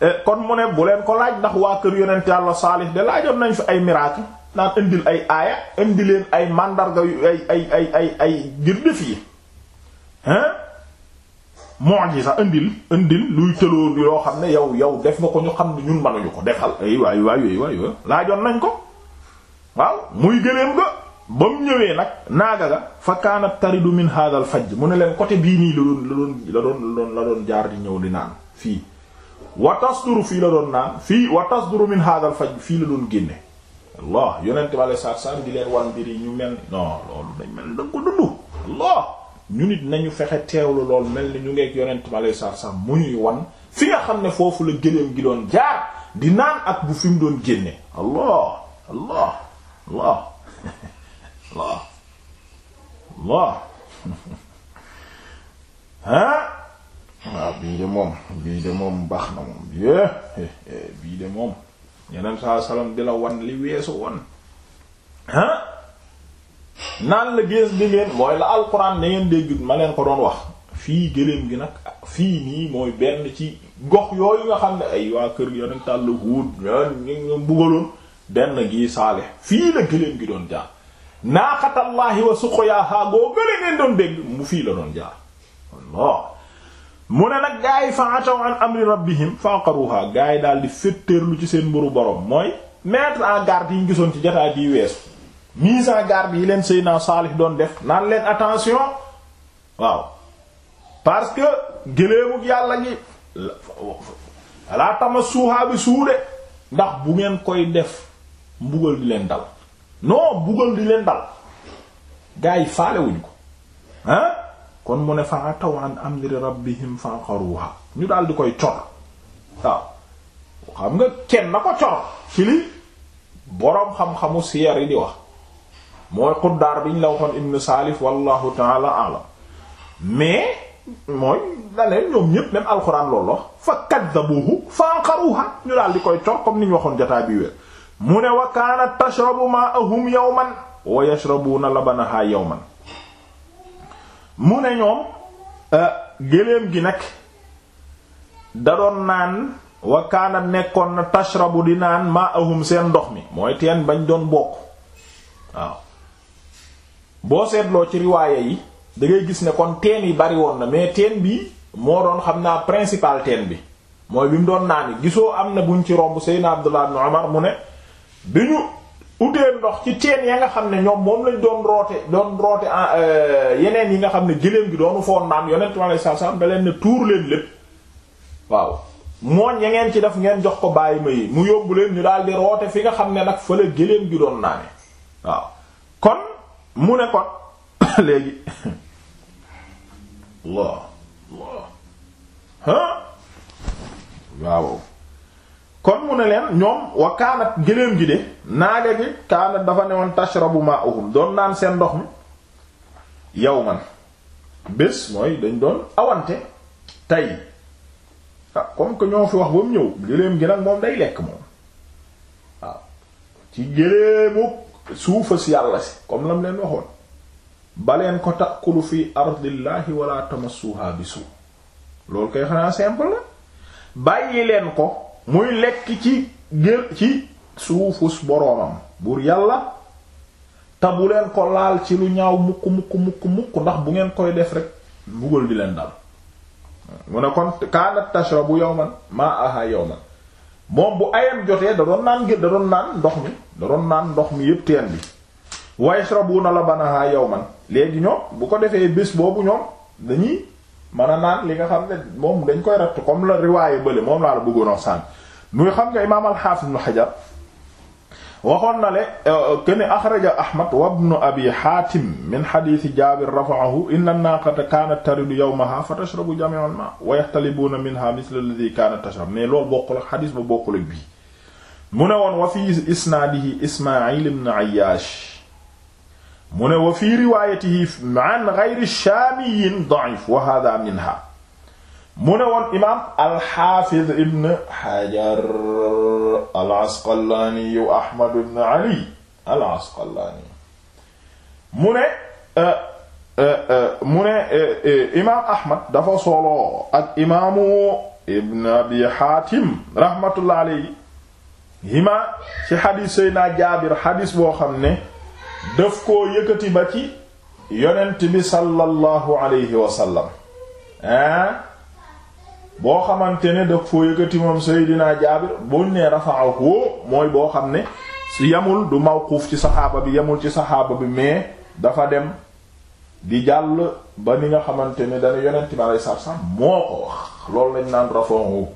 eh, kon mu ne bu leen ko laaj ndax waa kër yonent yàlla saalih de laajoon nañ fi ay miracle naan indil ay aaya indi leen ay màndarga yu ay ay ay ay ay ngir def yi hein mu'jiza indil indil luy tëloo yoo xam ne yow yow def nga ko ñu xam ne ñun mënuñu ko defal ay waay waay waay laajoon nañ ko waaw muy gëléem nga ba mu ñëwee nag naaga ga fa kaanat taridu min hadha faj fajj mu ne leen côté bii nii la doon la doon la doon jaar di ñëw di naan fii wa tasduru fii la doon naan fii wa tasduru min hadha faj fii la doon génne allah yonente bi alei satu salaam di leen ñu mel ni non dañ mel ni da nga ko dund nañu fexe teewlu loolu mel ni ñu ngeeg yonente bi alei satu salaam mu ñuy wan fi nga xam ne foofu la gëléem gi doon jaar di naan ak bu fi mu doon génne allah allah allah Allah Allah waaw bii de moom bii de moom baax na moom bii de moom yeneen sa salaam di la wan li weesu woon ah naan la gées di ngeen mooy la alquran da ngeen dégg ma leen ko doon wax fii gëléem gi nag fii nii mooy benn ci gox yooyu nga xam ne ay waa kër yonental la huut ñu nga mbugaloon benn gi saale fii la gëléem gi doon jaar naaqatallaahi wa suqyaahaa goo gële ngeen doon dégg mu fii la doon jaar mu ne nag gaa yi fa ataw amri rabbihim fa aqaruha gaa yi daal di féttéerlu ci seen mburu borom mooy mettre en garde yi ñu gisoon ci jataa bii weesu mise en garde yi leen Seydina Saalih doon def naan leen attention waaw parce que géléemug yàlla gi laa tamassuha bi suude ndax bu ngeen koy def mbugal bi leen dal non bugal di leen dal gaa yi faalewuñ ko ah kon mu ne fa ataw an amri rabbihim fa aqaruha ñu daal di koy cor waaw xam nga kenn na ko cor ci boroom xam-xamu siyar yi di wax mooy xuddaar biñ la waxoon ibn Salif wallahu taala alam mais mooy da leen ñoom ñépp même alxuraan loolu la fa kaddabuhu fa aqaruha ñu daal di koy cor comme ni ñu waxoon jotaay bi wér mu ne wa kaanat tashrabu ma'ahum yawman wa yashrabuuna labanaha yawman mu ne ñoom euh, géléem gi nag da doon naan wa kaanat nekkoon na tashrabu di naan ma'ahum seen ndox mi mooy teen bañ doon bokk waaw boo seetloo ci riwaaya yi dangay gis ne kon teen yi bari woon na mais teen bi moo doon xam naa principal teen bi mooy bi mu doon naan yi gisoo am na buñ ci romb Seydina Abdullah ibn Umar mu ne bi ñu utee ndox ci teen ya nga xam ne ñoom moom lañ doon roote doon roote ah, euh, yeneen yi nga xam ne gëléem gi doonu foon naan yonent ma lay ne tuur leen lépp waaw mooñ ya ngeen ci def ngeen jox ko bàyyi ma yi mu yóbbu leen ñu daal di roote fi nga xam ne nag fële gëléem gi doon naane waaw kon mu ne kon léegi Allah Allah ha waaw kon mu ne leen ñoom wa kaanat gëléem gi de naaga gi kaanat dafa newoon tashrabu ma'uhum doon naan seen ndox mi yow man bés mooy dañ doon awante tey ah comme que ñoo fi wax ba mu ñëw gëléem gi nag moom day lekk moom waaw ci gëléemu suufa yàlla si comme lam leen waxoon baleen ko takkulu fi ardillahi wala tamassuha bisu loolu koy xanaa simple la bàyyi leen ko muy lekk ci gér ci suufus boroomam buur yàlla te leen ko laal ci lu ñaaw mukk mukk mukk ndax bu ngeen koy def rek mbugal di leen dal mu ne kon kaanat tashrabu yawman maa aha yawman moom bu ayam jotee da doon naan ngir da doon naan ndox mi da doon naan ndox mi yépp teen bi wa yashrabuuna labanaha yawman léegi ñoom bu ko defee bés boobu ñoom dañuy mën a li nga xam ne moom dañ koy ratt comme la riwaaye bële moom laa la bëggoon wax sànq muy xam nga imaam al-Hafiz ibn Hajar waxoon na le kene euh, axraja Ahmad wa ibnu Abi Hatim min hadiisi Jaabir rafa'ahu inna an-naaqata kaanat taridu yawmahaa fa tashrabu jamii'a al-maa' wa yahtalibuuna minhaa misla alladhii kaanat tashrab mais loolu bokkul ak hadiis ba bokkul ak bii mu ne woon wa fii isnaadihi Ismaa'iil ibn Ayyaash mu ne wa fii riwaayatihi an ghayri shaamiyin da'if wa hadha minha mu ne woon imaam alxaafiz ibn xajar alasqalaani yu ahmad ibn ali alasqalaani mu ne eh, eh, eh, mu ne imaam ahmad dafa solo ak imaamu ibn abi xaatim rahmatullah alayhi hima ci xadiis seydina jaabir xadiis boo xam ne daf koo yëkkati ba ci yonent bi sallallahu alayhi wa boo xamante ne daf koo yëkkati moom Seydina Jaabir bu nee rafa'ahu mooy boo xam ne si yamul du mawquuf ci saxaaba bi yamul ci saxaaba bi mais dafa dem di jàll ba ni nga xamante ne dana yonent bi alayhi salaam moo ko wax loolu lañ naan rafa'ahu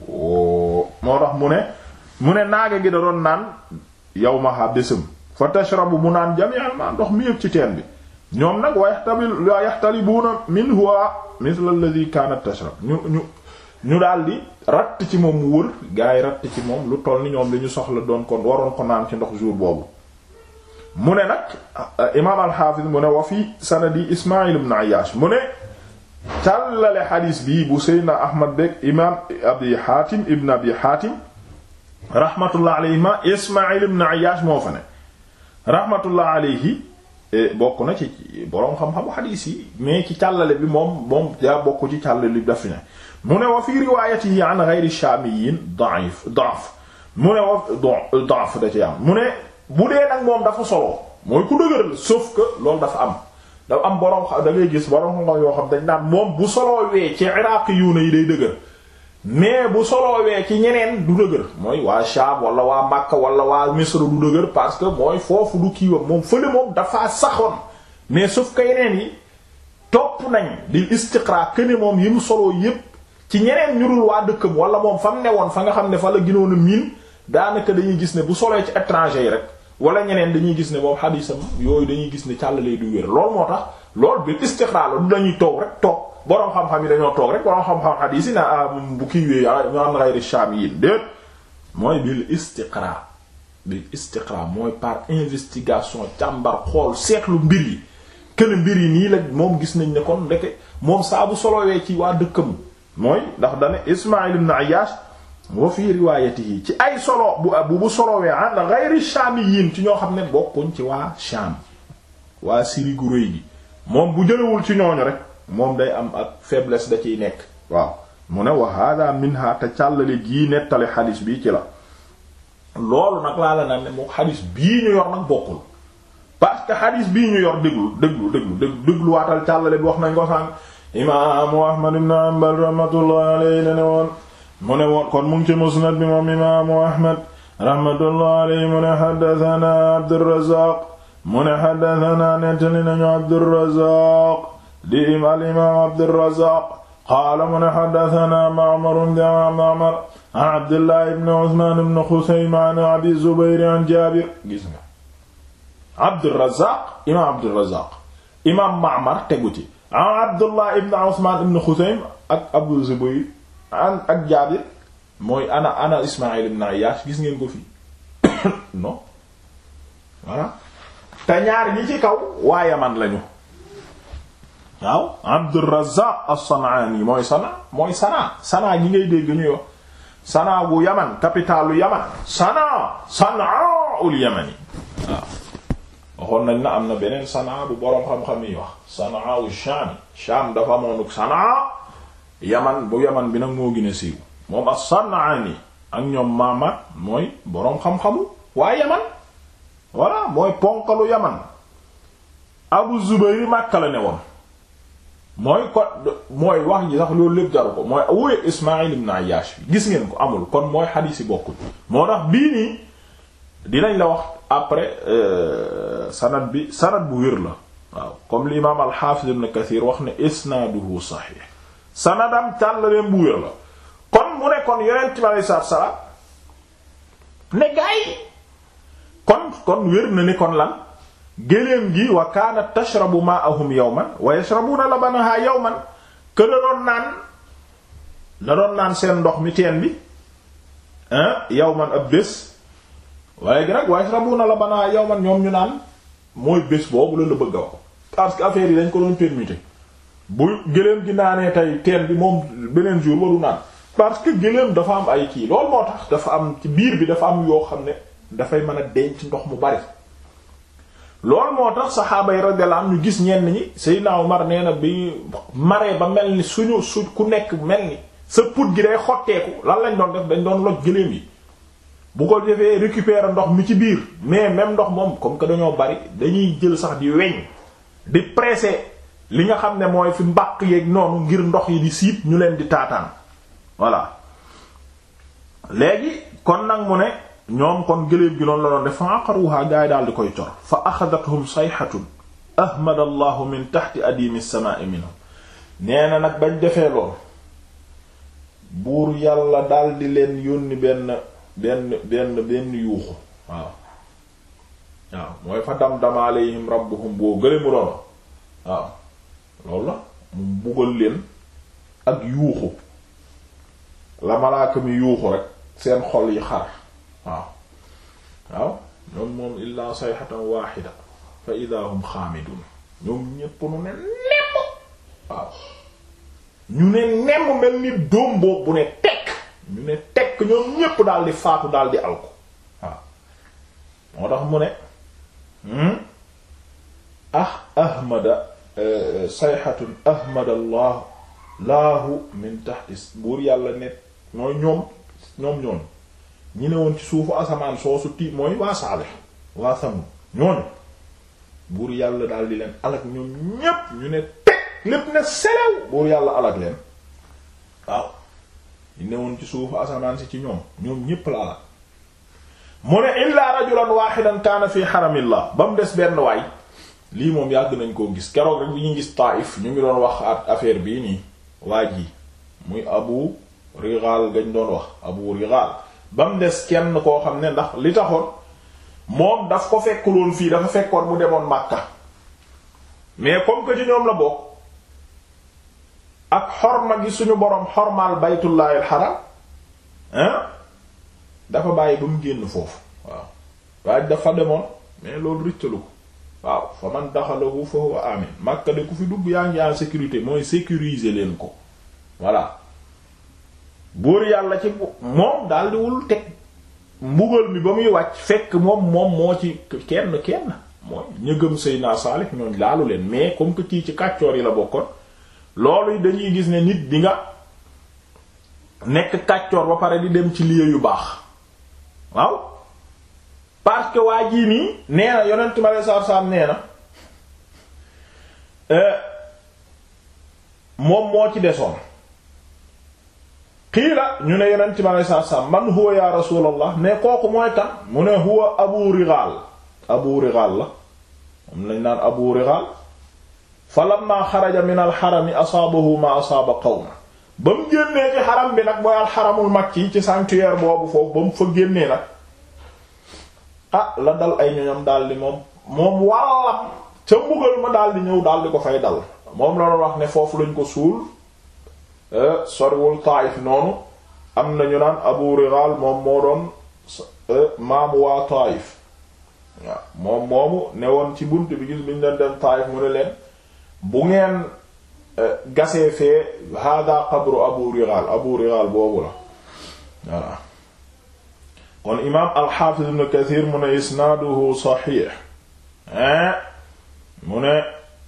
moo tax mu ne mu ne naaga gi da naan yow ma xaa fa tashrabu mu naan jami'al ma ndox mi yëpp ci teen bi ñoom nag wa yaxtabil wa yaxtalibuuna minhu mithla alladhi tashrab ñu ñu ñu daldi ratt ci moom mu wër gaa ratt ci moom lu toll ni ñoom li ñu soxla doon ko waroon ko naan ci ndox jour boobu mu ne nag imaam alxaafis mu ne wa fi sanadi ismail ibn ayyash mu ne tàllale xadiis bii bu seydna ahmad beek imaam abi xaatim ibn abi xaatim rahmatullah alayhima ismail ibn ayyash moo fa ne rahmatullah alayhi eh, bokk na ci boroom xam-xamu xadiis yi mais ci càllale bi moom moom daa bokk ci càllale bi daf ne mu ne wa fi riwaayatihi an ghayri shaamiyin da'if da'f mu ne wa da'f da ci am mu ne bu dee nag moom dafa solo mooy ku dëgëral sauf que loolu dafa am daf am boroom xam da ngay gis boroom xam yoo xam dañ naan moom bu solo wee ci iraaqi yu yi day dëgër mais bu wee ci ñeneen du dëgër mooy waa Sham wala waa Makka wala waa Misr du dëgër parce que mooy foofu du kiiwam moom fële moom dafaa saxoon mais sauf que yeneen yi topp nañ di istiqra këne moom yi mu soloo yépp ci ñeneen ñu dul waa dëkkam wala moom fa mu newoon fa nga xam ne fa la ginoon miin daanaka dañuy gis ne bu solee ci étranger yi rek wala ñeneen dañuy gis ne moom xadiisam yooyu dañuy gis ne càllale du wér loolu moo tax loolu bi istixraa la dañuy toog rek toog boroom xam-xam yi dañoo toog rek boroom xam-xam xadiis yi na ah, bu kii wee ah, ñu am xayri shaamiyiin déet mooy bil istiqra bil istiqra mooy par investigation càmbar xool seetlu mbir yi kën mbir yi nii la moom gis nañ ne kon ndeke moom saa bu ci waa dëkkam mooy ndax dane Ismaïl ibn Ayyash wa fi yi ci ay solo bu bu solowee an ghayri shaamiyiin ci ñoo xam ne bokkuñ ci waa Shaam waa Syrie gu rëy gi moom bu jëlawul ci ñooñu rek moom day am ak faiblesse da ciy nekk waaw mu ne wa hada minha te càllale gii nettali xadis bii ci la loolu nag laa la nag ne moom xadis bii ñu yor nag bokkul parce que xadis bii ñu yor déglu déglu déglu déglu dégluwaatal càllale bi wax nañ ko sànq imaamu Ahmad ibn Hanbal rahmatullahi alayhi ne woon mu ne woon kon mu ngi ci musnad bi moom imaamu ahmad rahmatullah alayhi mu ne xaddatanaa abdurazaq mu ne xaddatanaa nettali nañu abdurazaq di al imaam abdurazaq qaala mu ne xaddatanaa ma'mar di ma'mar an abdullah ibn usmaan ibn xusayma an abi zubayr an jaabir gis nga abdurazaq imaam abdurazaq imaam ma'mar teguti an abdullah ibn usmaan ibn xusayma ak abu zubayr an ak Jaabir mooy ana ana Ismaïl ibn gis ngeen ko fi non te ñaar ñi ci kaw waa Yaman lañu waaw Abdurrazzaq as-San'aani mooy Sana mooy Sana Sana ñi ngay dégg ñuy wax Sana gu Yaman capitalu Yaman Sana Sanaa ul Yamani waaw waxoon nañ na am na beneen Sana bu boroom xam-xam yi Sanaa ul Shaam Shaam dafa amoon Sanaa yaman bu yaman bi nag moo gën a siiw moom as-San'aani ak ñoom Ma'mar mooy boroom xam-xamu waa yaman voilà mooy ponkalu yaman Abu Zubayr Makka la ne woon mooy ko mooy wax ji sax loolu lépp jaru ko mooy wóoye Ismaïl ibn Ayyash gis ngeen ko amul kon mooy xadiis yi bokkul moo tax bii nii dinañ la wax après euh, sanad bi sanad bu wér la waaw comme l'imam al-Hafiz Kathir wax ne isnaaduhu saxiix sanadam càllaleen bu wér la kon mu ne kon yonent bi alei salaam ne gaay kon kon wér na ni kon lan géléem gi wa kaanat tashrabu ma'ahum yawman wa yashrabuna labanaha yawman que da doon naan da doon naan seen ndox mi teen bi yawman ab bés waaye gi nag wa yashrabuna labanaha yawman ñoom ñu naan mooy bés boobu la la bëgg a parce que affaire yi dañ ko doon permuter bu gëléem gi naanee tey teen bi moom beneen jour waru naan parce que gëléem dafa am ay kii loolu moo tax dafa am ci biir bi dafa am yoo xam ne dafay mën a denc ndox mu bari loolu moo tax saxaaba yi radiyallahu anhum ñu gis ñenn ñi Seydina Umar nee na bi maree ba mel ni suñu su ku nekk mel ni sa put gi day xotteeku lan lañ doon def dañ doon loj gëléem yi bu ko defee récupérer ndox mi ci biir mais même ndox moom comme que dañoo bari dañuy jël sax di weñ di li nga xam ne mooy fi mbaq yeeg noonu ngir ndox yi di siit ñu leen di taataan voilà léegi kon nag mu ne ñoom kon gëléem gi noonu la doon def fa aqaruha gaa yi koy cor fa axadathum sayhatun ahmada allahu min tahti adimi samaa'i minhum nee na nag bañ defee lool buur yàlla daal di leen yónni benn benn benn benn yuuxu waaw waaw mooy fa dam-dam alayhim rabbuhum boo gëléemu doon waaw loolu la mu mbugal leen ak yuuxu la yuuxu rek seen xol yi xar waaw waaw ñoom moom illaa sayhatan waaxida fa idaa hum xaamidun ñoom ñépp nu ne nemm waaw ñu ne nemm mel ni doom boobu ne tekk ñu ne tekk ñoom ñépp daal di faatu daal di alko waaw moo tax mu ne hmm? ah ahmada sayhatun ahmadallah laahu min tahtis buur yàlla ne mooy ñoom ñoom ñoon ñi ne ci suufu asamaan soosu waa saalih buur yàlla daal di leen alak ñoom ñépp ñu ne teg lépp ne selew buur yàlla alak leen waaw ñu ne woon ci suufu asamaan si ci ñoom ñoom ñépp la alak mu ne illa rajulan wahidan kaana fi haramillah ba mu des benn waay lii moom yàgg nañ koo gis keroog rek bi ñu gis Taif ñu ngi doon wax ak affaire bii nii waa ji muy Abu Rigal gañ doon wax Abu Rigal ba mu des kenn koo xam ne ndax li taxoon moom daf ko fekkuloon fii dafa fekkoon mu demoon Makka mais comme que ci ñoom la bokk ak xorma gi suñu borom xormaal baytullahi alxaram hein dafa bàyyi ba mu génn foofu waaw waaye dafa demoon mais loolu rëccalu ko waaw fa man daxalahu fa huwa amin Makka de ku fi dugg yaa ngi en sécurité mooy sécuriser leen ko voilà buur yàlla ci moom daal teg mbugal mi ba muy wàcc fekk moom moom moo ci kenn kenn mooy ñu gëm Seydina Saalih ñooñ laalu leen mais comme que kii ci kàccoor yi la bokkoon loolu dañuy gis ne nit bi nga nekk kàccoor ba pare di dem ci lieu yu baax waaw parce que waa jii nii nee na yonent ma lay saar saam nee na euh, moom moo ci desoon qiila ñu ne yonent ma lay saar saam man huwa ya rasulallah ne kooku mooy kan mu ne huwa abu rigal abu rigal la moom lañ naan abu rigal fa lamma xaraja min alxarami asaabahu ma asaaba qawma ba mu génnee ci xaram bi nag mooy alxaramul makki ci sanctuaire boobu foofu ba mu fa génnee nag ah la dal ay ñoñam daal moom moom wàllam ca mbugal ma daal ñëw daal di ko fay dal moom la doon wax ne foofu lañ ko suul eh, soriwul Taayif noonu am na ñu naan Abu Rigal moom moo doon eh, maamu waa Taayif waaw moom moomu ne woon ci bunt bi gis biñu doon dem Taayif mu ne leen bu ngeen eh, gasee fee hada qabru Abu Rigal Abu Rigal boobu la voilà kon imaam alxaafiz ibn kathir mu ne isnaaduhu saxiix mu ne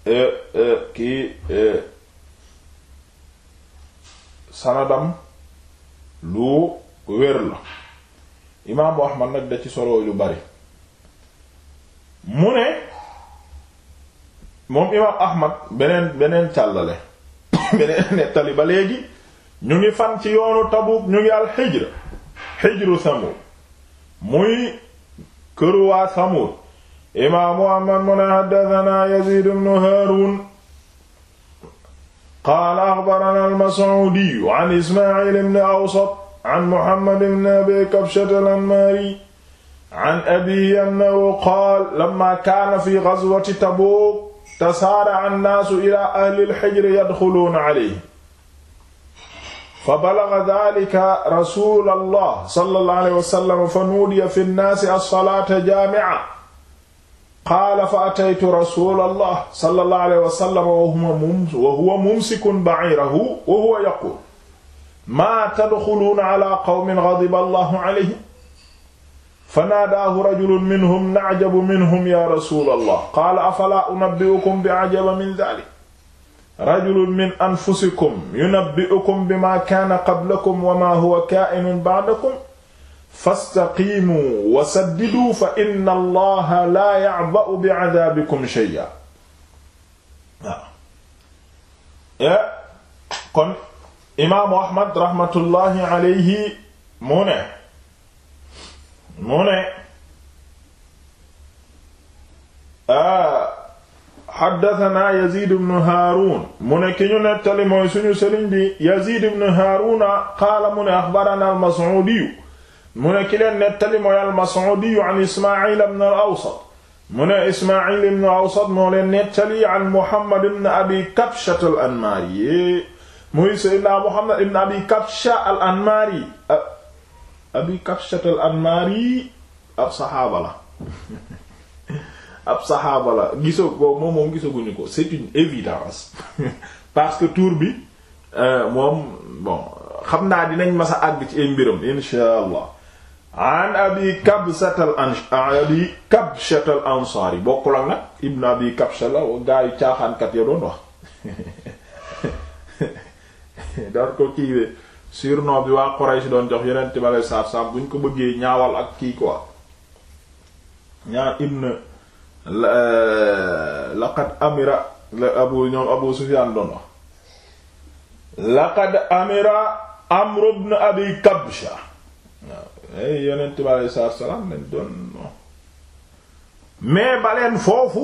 eh, eh, kii eh, sanadam lu wér la imaamu ahmad nag da ci solooy lu bari mu ne moom imaam ahmad beneen beneen càllale beneen nettali ba léegi ñu ngi fan ci yoonu tabuk ñu ngi al xijru samud muy kër waa Samud imaamu Ahmad mu ne haddasanaa Yaziid ibnu Haaruun qaala axbaranaa al-Mas'uudi an Ismaa'iil ibnu Awsat an Muhammad ibnu Abii Kabshata al-Anmaari an abiihi annahu qaala lammaa kaana fii gazwati Tabuuk tasaara'a an-naasu ilaa ahli al-hijr yadxuluuna alayhi fa balaga dalika rasula allah sallallahu alayhi wa sallam fa nuudiya fi nnaasi alsalaata jaamica qaala fa ataytu rasula allah sallallahu alayhi wa sallam wa huwa mumsikun baciirahu wa huwa yaquul maa tadxuluuna calaa qawmin gadiba allahu calayhim fanaadaahu rajulun minhum nacjabu minhum ya rasula allah qaala afalaa unabbi'ukum bi'ajaba min daalika rajulun min anfusikum yunabbi'ukum bima kaana qablakum wa ma huwa kaa'inun ba'dakum fastaqiimu wa saddidu fa inna allaha laa ya'ba'u bi'adaabikum shay'a waaw eh, kon imaamu ahmad rahmatullahi alayhi mu ne mu ne ah, xaddatanaa yazid ibnu haarun mu ne ki ñu nettali mooy suñu sëriñ bi yazid ibnu haaruna qaala mu ne axbarana almasuudiyu mu ne ki leen nettali mooy almasuudiyu an ismail ibnu awsat mu ne ismail ibnu awsat moo leen nettali an muhammad ibnu abi kabshat al anmaari muy sayyidina muhammad ibnu abi kabsha al anmaari abi kabshat al anmaari ab saxaaba la ab saxaaba la gisoo ko moom moom gisaguñu ko c'est une évidence parce que tour bi euh, moom bon xam naa dinañ masa àgg ci ay mbiram insha allah an abi kabsatal an abi kabshatal ansaari bokkul nag ibn abi kabsha la gaayu caaxaankat ya doon wax dar ko kiiwee surnom bi waa Quraysh doon jox yeneen tibe alay saab saab buñ ko bëggee ñaawal ak kii quoi ñaar ibn Euh, laqad amira la abu ñoom abu sufiyaan doon wax laqad amira amr ibn abi kabsha ay yonent bi aleyhi salaatu wa salaam lañ baleen foofu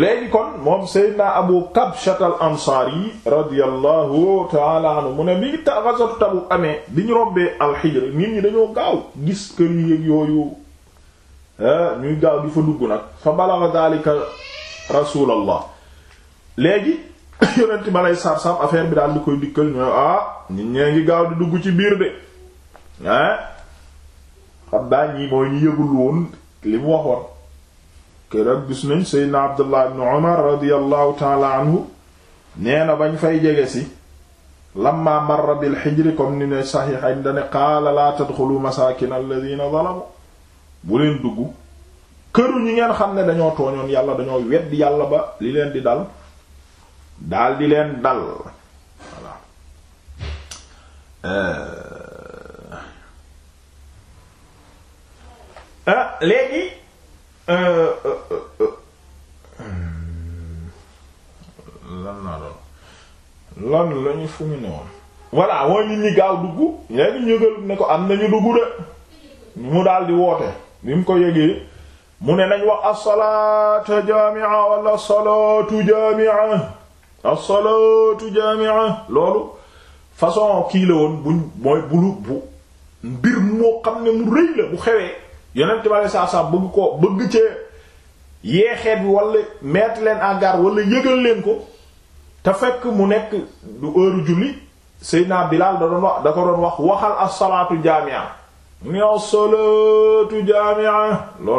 léegi kon moom seydina abu kabshat al ansaari radiyallahu taala anhu mu ne bi ghazwat Tabuk amee bi ñu robbee alxijr nit ñi dañoo gaaw gis kër yéeg yooyu Eh, ñuy gaaw di fa dugg nag fa balagha dhalika rasulallah léegi yonent ma lay sarsam affaire bi daal di koy dikkal ñooy ah nit ñee ngi gaaw di dugg ci biir de ah xam daa ñi mooy ñu yëgul woon li gis nañ seydna abdullah ibn umar radiyallahu taala anhu nee na bañ fay jege si lamma marra bil hijri comme ni ne saxiixañ dane qaala la tadxulu masakin alladhina zalamu bu leen dugg këru ñi ngeen xam ne dañoo tooñoon yàlla dañoo weddi yàlla ba li leen di dal daldi di leen dal voilà euh. Euh, léegi euh, hmm. lan naa la ñu fu ne woon voilà mooy nit ñi gaaw dugg léegi ñu yëgal ne ko am nañu dugg de mu daal woote bi mu ko yégee mu ne nañ wax as-salaatu jaami'a wala salaatu jaami'a loolu façon kii la woon buñ mooy bulu bu mbir moo xam ne mu rëy la bu xewee yonent bale saa saa bëgg ko bëgg cee yeexeet bi wala mettre leen en garde wala yëgal leen ko te fekk mu nekk du heure julli Seydina Bilal da doon wax da ko doon wax waxal as-salaatu jaami'a mu ne as-salaatu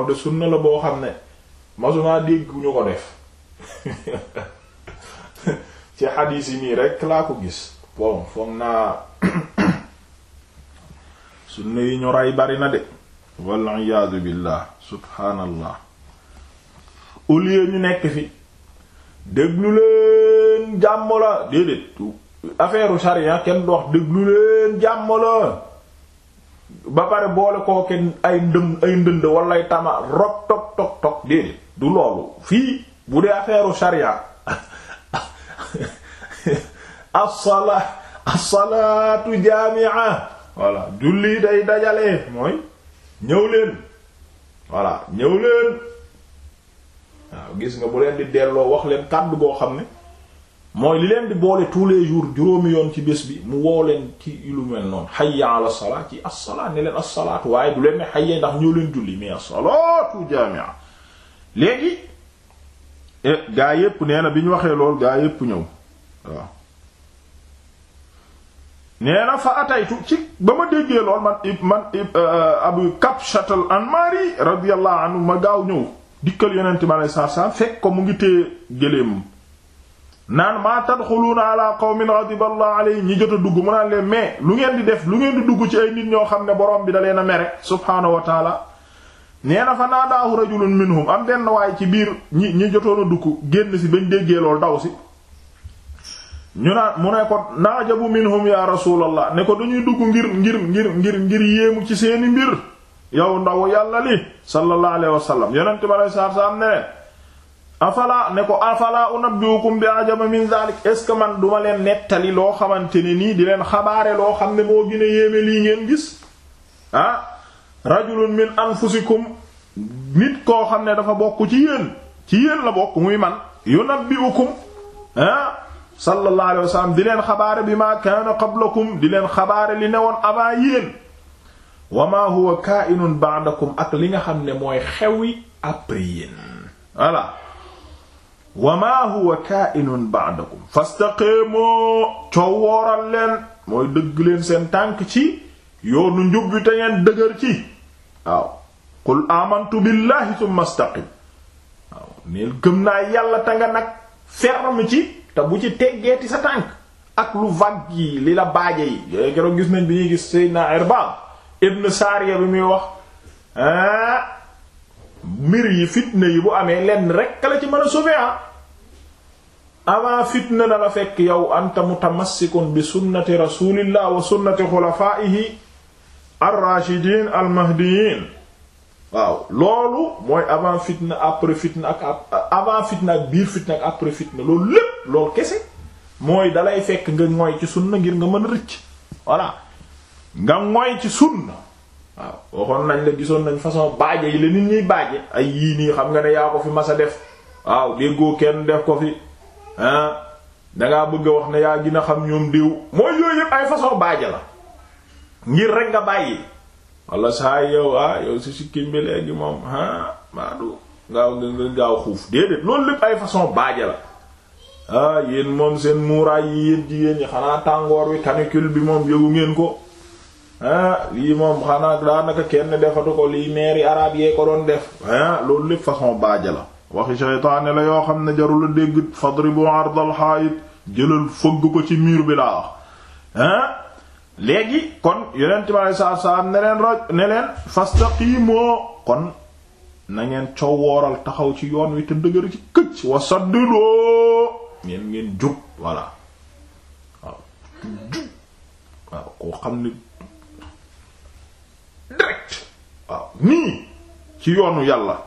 de sunna la boo xam ne masumaa dégg ñu ko def ci xadiis yi nii rek laa ko gis bon foog naa sunna yi ñu rey bari na de wal iyaadu billah subhaanallah au lieu ñu nekk fi déglu leen jàmm la déedéet affaire u sharia kenn du déglu leen jàmm la ba pare boole kooke ay ndëm ay ndënd wala ay tama rog tog tog tog déedéet du loolu fii bu dee affaire sharia as-salaa as-salaatu jaami'a julli day dajale mooy ñëw leen ñëwleen waaw gis nga bu leen di delloo wax leen kàddu goo xam ne mooy li leen di boole tous les jours juróomi yoon ci bés bi mu woo leen ci lu mel noonu hayya ala salaa ci as-salaa ne leen as-salaatu waaye du leen ne hayya ndax ñoo leen julli mais as-salaatu jaami'a léegi eh, gaa yépp nee na bi ñu waxee lool gaa yépp ñëw waaw nee na fa ci ba ma déggee lool man ib man ib eh, eh, abu kabshat al anmari radiyallahu anhu ma gaaw ñëw dikkal yonente bi alei satu salaam fekk ko mu ngi téye géléem naan maa tadxuluuna ala qawmin ghadiba Allah alayhim ñi jot a dugg mu naan leen mais lu ngeen di def lu ngeen di dugg ci ay nit ñoo xam ne borom bi da leen a mere subhaanahu wa nee na fa naadaahu rajulun minhum am benn waaye ci biir ñi ñi jotoon dugg génn si bañ déggee lool daw si ñu naan mu ne ko naajabu minhum ya rasulallah ne ko dañuy dugg ngir ngir ngir ngir ngir yéemu ci seeni mbir yow ndaw yàlla li sallallahu alayhi wa sallam yonente bi afala ne ko afala unabbiukum bi ajama min zalik est man duma leen nettali loo xamante ne nii di leen xabaare loo xam ne boo gën a yéeme lii ngeen gis ah min anfusikum nit koo xam ne dafa bokk ci yéen ci yéen la bokk muy man yunabbiukum ah sallallahu alayhi wa di leen xabaare bi ma kaana qablakum di leen xabaare li newoon avant yéen wa ma huwa kaa'inun ba'dakum ak li nga xam ne mooy xewi après yéen voilà wa maa huwa kaa'inun ba'dakum moo coowooral leen mooy dëgg leen seen tànk ci yoonu njub bi te dëgër ci waaw qul amantu billahi thumma istaqim waaw neel gëm naa yàlla te nga nag ferme ci te bu ci teggeeti sa tànk ak lu vague yi li la baaje yi yooyu keroog gis nañ bi ñuy gis Seydina Irbaad ibn Saariya bi muy wax ah mbir yi fitna yi bu amee lenn rekk la ci mën a sauver ah avant fitna na la fekk yow anta mutamassikun bi sunnati rasulillah wa sunnati xulafaihi ar-rashidin al-mahdiyin waaw loolu mooy avant fitna après fitna ak avant fitna ak biir fitna ak après fitna loolu lépp loolu kese mooy dalay fekk nga mooy ci sunna ngir nga mën a rëcc voilà nga mooy ci sunna waaw waxoon nañ la gisoon nañ façon baaje yi la nit ñuy baaje ay yii nii xam nga ne yaa ko fi sa def waaw déggoo kenn def ko fi ah dangaa bëgg a wax ne yaa gën a xam ñoom diw mooy yooyu yëpp ay façon baaje la ngir rek nga bàyyi wala saa yow ah yow moom ah maadu façon baaje la ah moom seen muuraay yi yéen jigéen ñi xanaa tàngoor wi canicule bi moom yëgu ngeen ko Ah, lii moom xanaa daanaka kenn defatu ko lii meeri araab yee ko doon def ah loolu lépp façon baaja la waxi shaytaane la yoo xam ne jarul a dégg fadribu ardal xaayit jëlal fëgg ko ci miir bi laa wax ah léegi kon yonent bi alei ne leen raj ne leen fastaqiimoo kon na ngeen cowooral taxaw ci yoon wi te dëgër ci këcc wa saddiloo ngeen ngeen jub voilà waaw jub waaw koo xam ne direct nii ci yoonu yàlla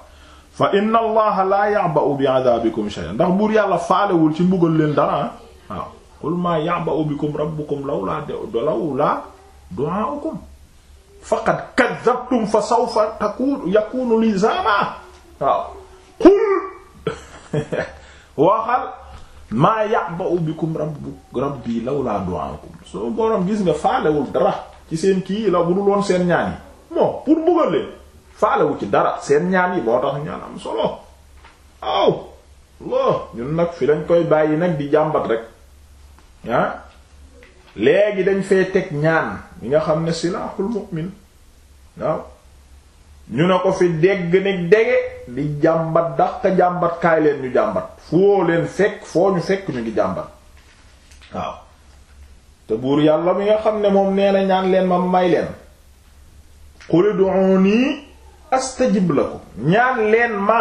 fa inna allaha laa ya'ba'u bi 'adabikum shay'an ndax buur yàlla faalewul ci mbugal leen dara ah. waaw qul maa ya'ba'u bikum rabbukum lawlaa lawlaa du'aa'ukum faqad fa sawfa takunu yakunu lizaama waaw qul waxal maa ya'ba'u bikum rabbi lawlaa du'aa'ukum soo borom gis nga faalewul dara ci seen kii la bu dul seen ñaan bon pour mbugal leen faalewu ci dara seen ñaan yi boo tax ñaan am solo aw lo ñun nag fi dañ koy bàyyi nag di jàmbat rek ah, léegi dañ fee teg ñaan yi nga xam ne silahul mu'min waaw ñu ne ko fi dégg ni dege di jàmbat daq jàmbat leen ñu jàmbat foo leen fekk foo ñu fekk ñu ngi jàmbat waaw te buur yàlla mi nga xam ne moom nee na ñaan leen ma may leen qul ud'uni astajib lakum ñaan leen ma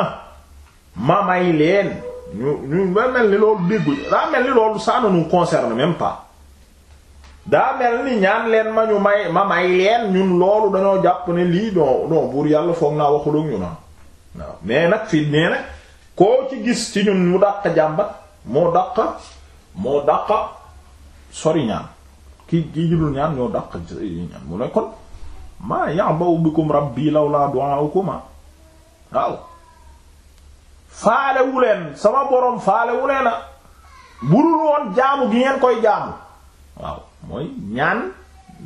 ma may leen ñu ñu daa mel ni loolu dégguñu daa mel ni loolu ça ne concerne même pas daa mel ni ñaan leen ma ñu may ma may leen ñun loolu dañoo jàpp ne lii non buur yàlla foog naa waxul ak ñu nag fii nee koo ci gis ci ñun mu dàq jàmbat moo dàq moo dàq sori ñaan ki ki judul ñaan ñoo dàq mu ne maa ya'ba'u bikum rabbi lawlaa du'aa'ukuma waaw faalewu leen sama boroom borom faalewu leen a burul woon jaamu gi ngeen koy jaamu waaw mooy ñaan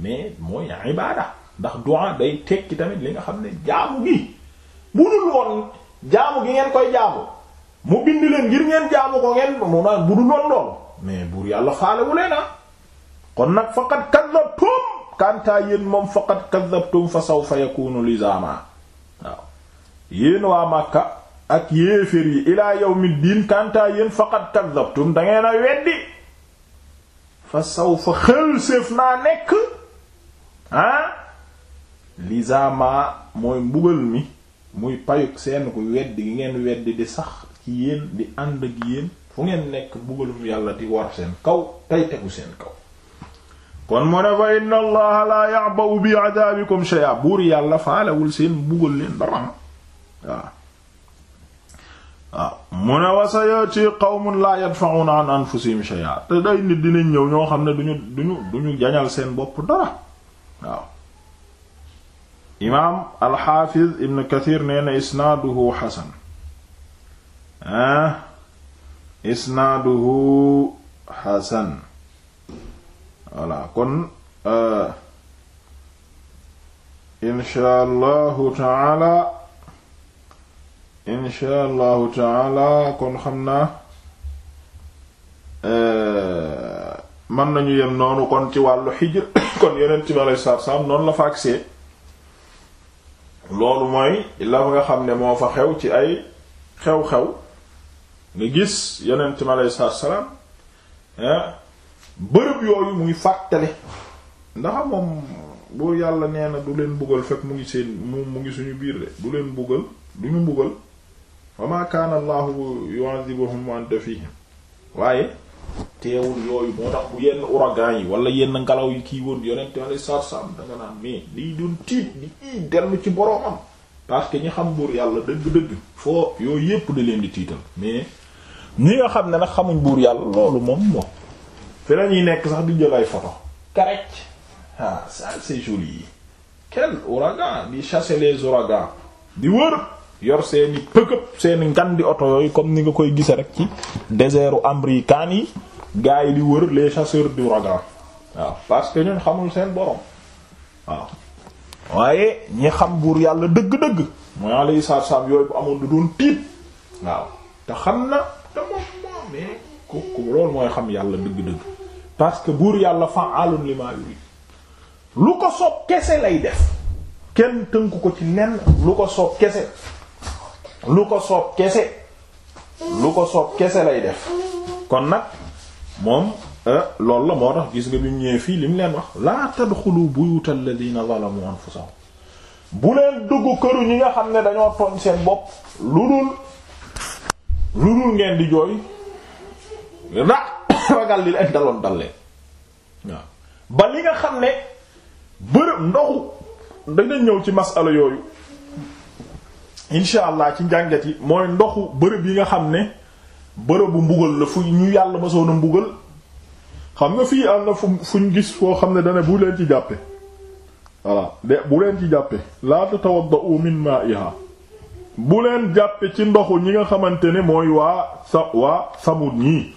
mais mooy ibaada ndax du'a day tekki tamit li nga xam ne jaamu gi burul woon jaamu gi ngeen koy jaamu mu bind leen ngir ngeen jaamu ko ngeen mu naan budul woon lool mais buur yàlla faalewu leen a kon nag faqad kadhabtum kantaa yéen moom faqad kadhabtum fa sawfa yakunu lizaama waaw yéen waa Makka ak yéeféer yi ilaa yawmid diin kantaa yéen faqad kadhabtum dangeen a weddi fa sawfa xëlséef naa nekk ah lizaama mooy mbugal mi muy payug seen ko weddi gi ngeen weddi di sax ci yéen di ànd ak yéen fu ngeen nekk mbugalum yàlla di war seen kaw tey tegu seen kaw kon mu fa inna allaha laa ya'ba'u bi adabikum shay'a buur yàlla faalewul seen buggal leen dara waaw waaw mu ne wa sayati qawmun laa yadfa'una an anfusihim shay'a te day nit dinañ ñëw ñoo xam ne duñu duñu duñu jañal seen bopp dara waaw imaam alxaafiz ibn kathir nee na isnaaduhu xasan ah isnaaduhu xasan voilà kon euh, insha allahu taala insha kon xam naa euh, mën nañu yem noonu kon ci wàllu xijr kon yeneen ci malay sarsam noonu la fa agsee loolu mooy la nga xam ne moo fa xew ci ay xew-xew nga gis yeneen ci malay sarsalaam ah bërëb yooyu muy fàttali ndax moom buur yàlla nee na du leen buggal fekk mu ngi seen mu ngi suñu biir de du leen buggal du ñu buggal wa ma kaana allahu yu'adhibuhum wa waaye teewul yooyu moo tax bu yenn ouragan yi wala yenn ngelaw yi kii woon yonent wala sarsam da nga naan mais liy doon tiit di i dellu ci boroomam parce que ñi xam buur yàlla dëgg-dëgg foo yooyu yépp di leen di tiital mais ñi nga xam ne nag xamuñ buur yàlla loolu moom moom fi la ñuy nekk sax di jël ay photo karec ah ça c'est joli quel ouragan di chasser les ouragans di wër yor seeni pëkëb seeni ngan di oto yooyu comme ni nga koy gise rek ci désertu américain yi gars yi di wër les chasseurs d'ouragan waaw parce que ñun xamul seen borom waaw waaye ñi xam buur yàlla dëgg-dëgg mooy alayhi salaam yooyu bu amoon du doon tiit waaw te xam na te moom moom ku mooy xam yàlla dëgg-dëgg parce que buur yàlla fa'alun lima yurid lu ko soob kese lay def kenn tënku ko ci nen lu ko soob kese lu ko soob kese lu ko soob kese lay def kon nag moom euh, loolu la moo tax gis nga bi mu ñëwee fii li mu leen wax laa tadxulu buyuta alladhina zalamu anfusahum bu leen dugg këru ñi nga xam ne dañoo tooñ seen bopp lu dul lu dul ngeen di jooy ra- ragal li leen daloon dal ba li nga xam ne bërëb ndoxu danga ñëw ci masala yooyu insha allah ci njàngat yi mooy ndoxu bërëb yi nga xam ne bërëbu mbugal la fu ñu yàlla ma soona mbugal xam nga fii am na fu fuñ gis foo xam ne dana bu leen ci jàppe voilà de bu leen ci jàppe la tatawadda'u min ma'iha bu leen jàppe ci ndoxu ñi nga xamante ne mooy waa sa waa samut ñii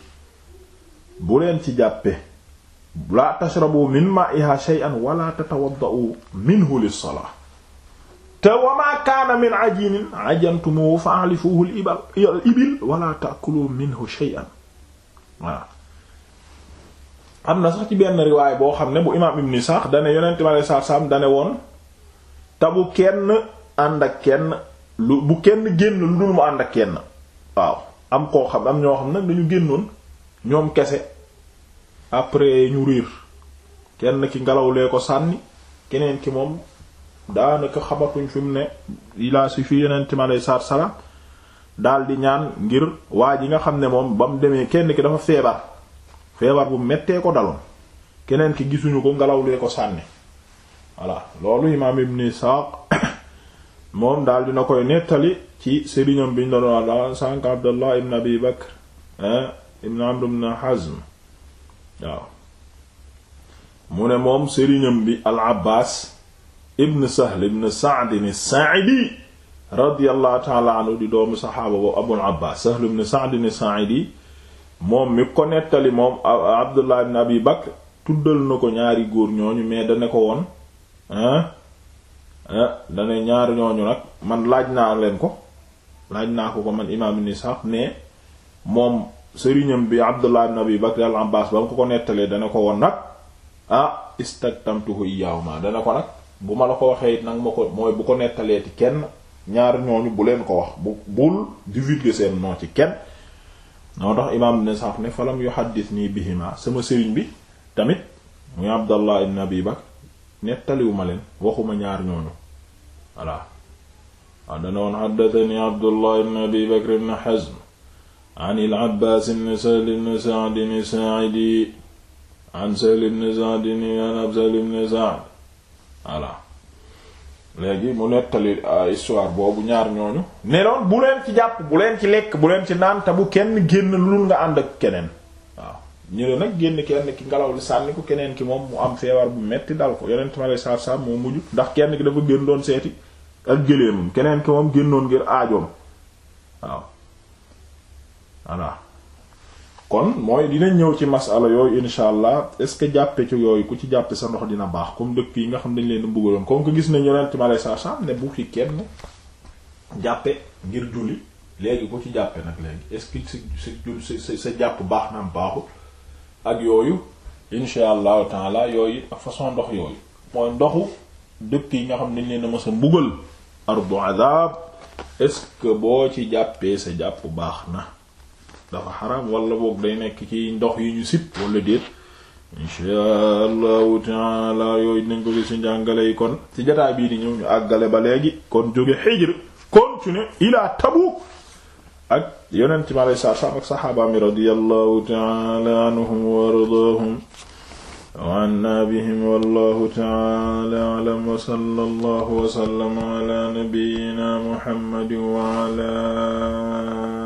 bu leen ci jàppe laa tashrabu min ma'iha shay'an wala tatawadda'u minhu lis te wa ma kaana ajinin ajantumuhu fa'alifuhu ibal ibil wala ta'kulu minhu shay'an voilà am na sax ci benn riwaay boo xam ne bu imaam ibn Isaaq dane yonent bi alayhi salaatu salaam dane woon te bu kenn ànd ak kenn lu bu kenn génn lu dul mu ànd ak kenn waaw am koo xam am ñoo xam nag dañu génnoon ñoom kese après ñu riir kenn ki ngelaw lee ko sànni keneen ki moom daanaka xamatuñ fi mu ne ilaa si fi yeneen mi aleyi salaatu salaam daal di ñaan ngir waa ji nga xam ne moom ba demee kenn ki dafa feebar feebar bu mettee ko daloon keneen ki gisuñu ko ngelaw lee ko sànni voilà loolu imaam ibn Isaaq moom daal dina koy nettali ci sëriñam bi ñu la doon wax sànq Abdallah ibn Abi Bakr ibn Amr ibn Hazm waaw mu ne moom sëriñam bi al Abbaas ibn Sahl ibn Sa'd as-Saa'idi radiyallahu ta'ala anhu di doomu saxaaba moom mi ko nettali moom Abdullah ibn Abi Bakr tuddal na ko ñaari góor ñooñu mais dane ko woon ah dane ñooñu nag man laaj naa leen ko laaj naa ko ko man imaam ibn Sa'd mais moom sëriñam bi Abdullah ibn Abi Bakr al ko ko nettalee dana ko woon nag ah istaktamtuhu iyyahuma dana ko nag bu ma la ko waxee it nag ma ko mooy bu ko nettaleeti kenn ñaar ñooñu bu leen ko wax bu bul divulguer seen noo ci kenn noo tax imaam ne sax ne falam yuhaddithni bihima sama sëriñ bi tamit muy Abdallah ibn Abi Bakr nettaliwuma leen waxuma ñaar ñooñu voilà waaw dana woon haddathani Abdullah ibn Abi Bakr ibn Hazm an al-Abbaas ibn Sahl ibn Sa'd as-Saa'idi an Sahl ibn Sa'd an Sahl ibn Sa'd voilà léegi mu nettali euh, histoire boobu ñaar ñooñu ne bu leen ci jàpp bu leen ci lekk bu leen ci naan bu kenn génn lu lu nga ànd ak keneen waaw ñu ne nag génn kenn ki ngelaw li sànni ko keneen ki moom mu am feebar bu metti dal ko yeneen tamale saaf-saaf moo mujj ndax kenn ki dafa génn doon seeti ak gëleemam keneen ki moom génnoon ngir aajoom waaw voilà kon mooy dina ñëw ci ala yooyu insha allah est-ce que jàppe ci yooyu ku ci jàppe sa ndox dina baax comme dëkk yi nga xam dañ leen a bëggaloon comme que gis nañu yonent mi alayhi salaam ne bu jàppe ngir julli léegi ku ci jàppe nag léegi est-ce que sa jàpp baax na mu baaxut ak yooyu insha allahu taala yooyu façon ndox yooyu mooy ndoxu dëkk yi nga xam dañ leen a mës a mbugal ardu azab est boo ci jàppee sa jàpp baax na dafa xaraam wala boog day nekk ci ndox yi ñu sib wala déet insha allahu taala yooyu dinañ ko gis ci njàngale yi kon ci jotaay bii di ñëw ñu àggale ba léegi kon jóge Hijr continuer ila Tabuk ak yonent mi alei satu salaam ak saxaaba mi radiyallahu taala anhum wa ardaahum wa anna bihim wallahu taala a'lam wa sallallahu wa sallama ala nabiyyina Muhammadin wa ala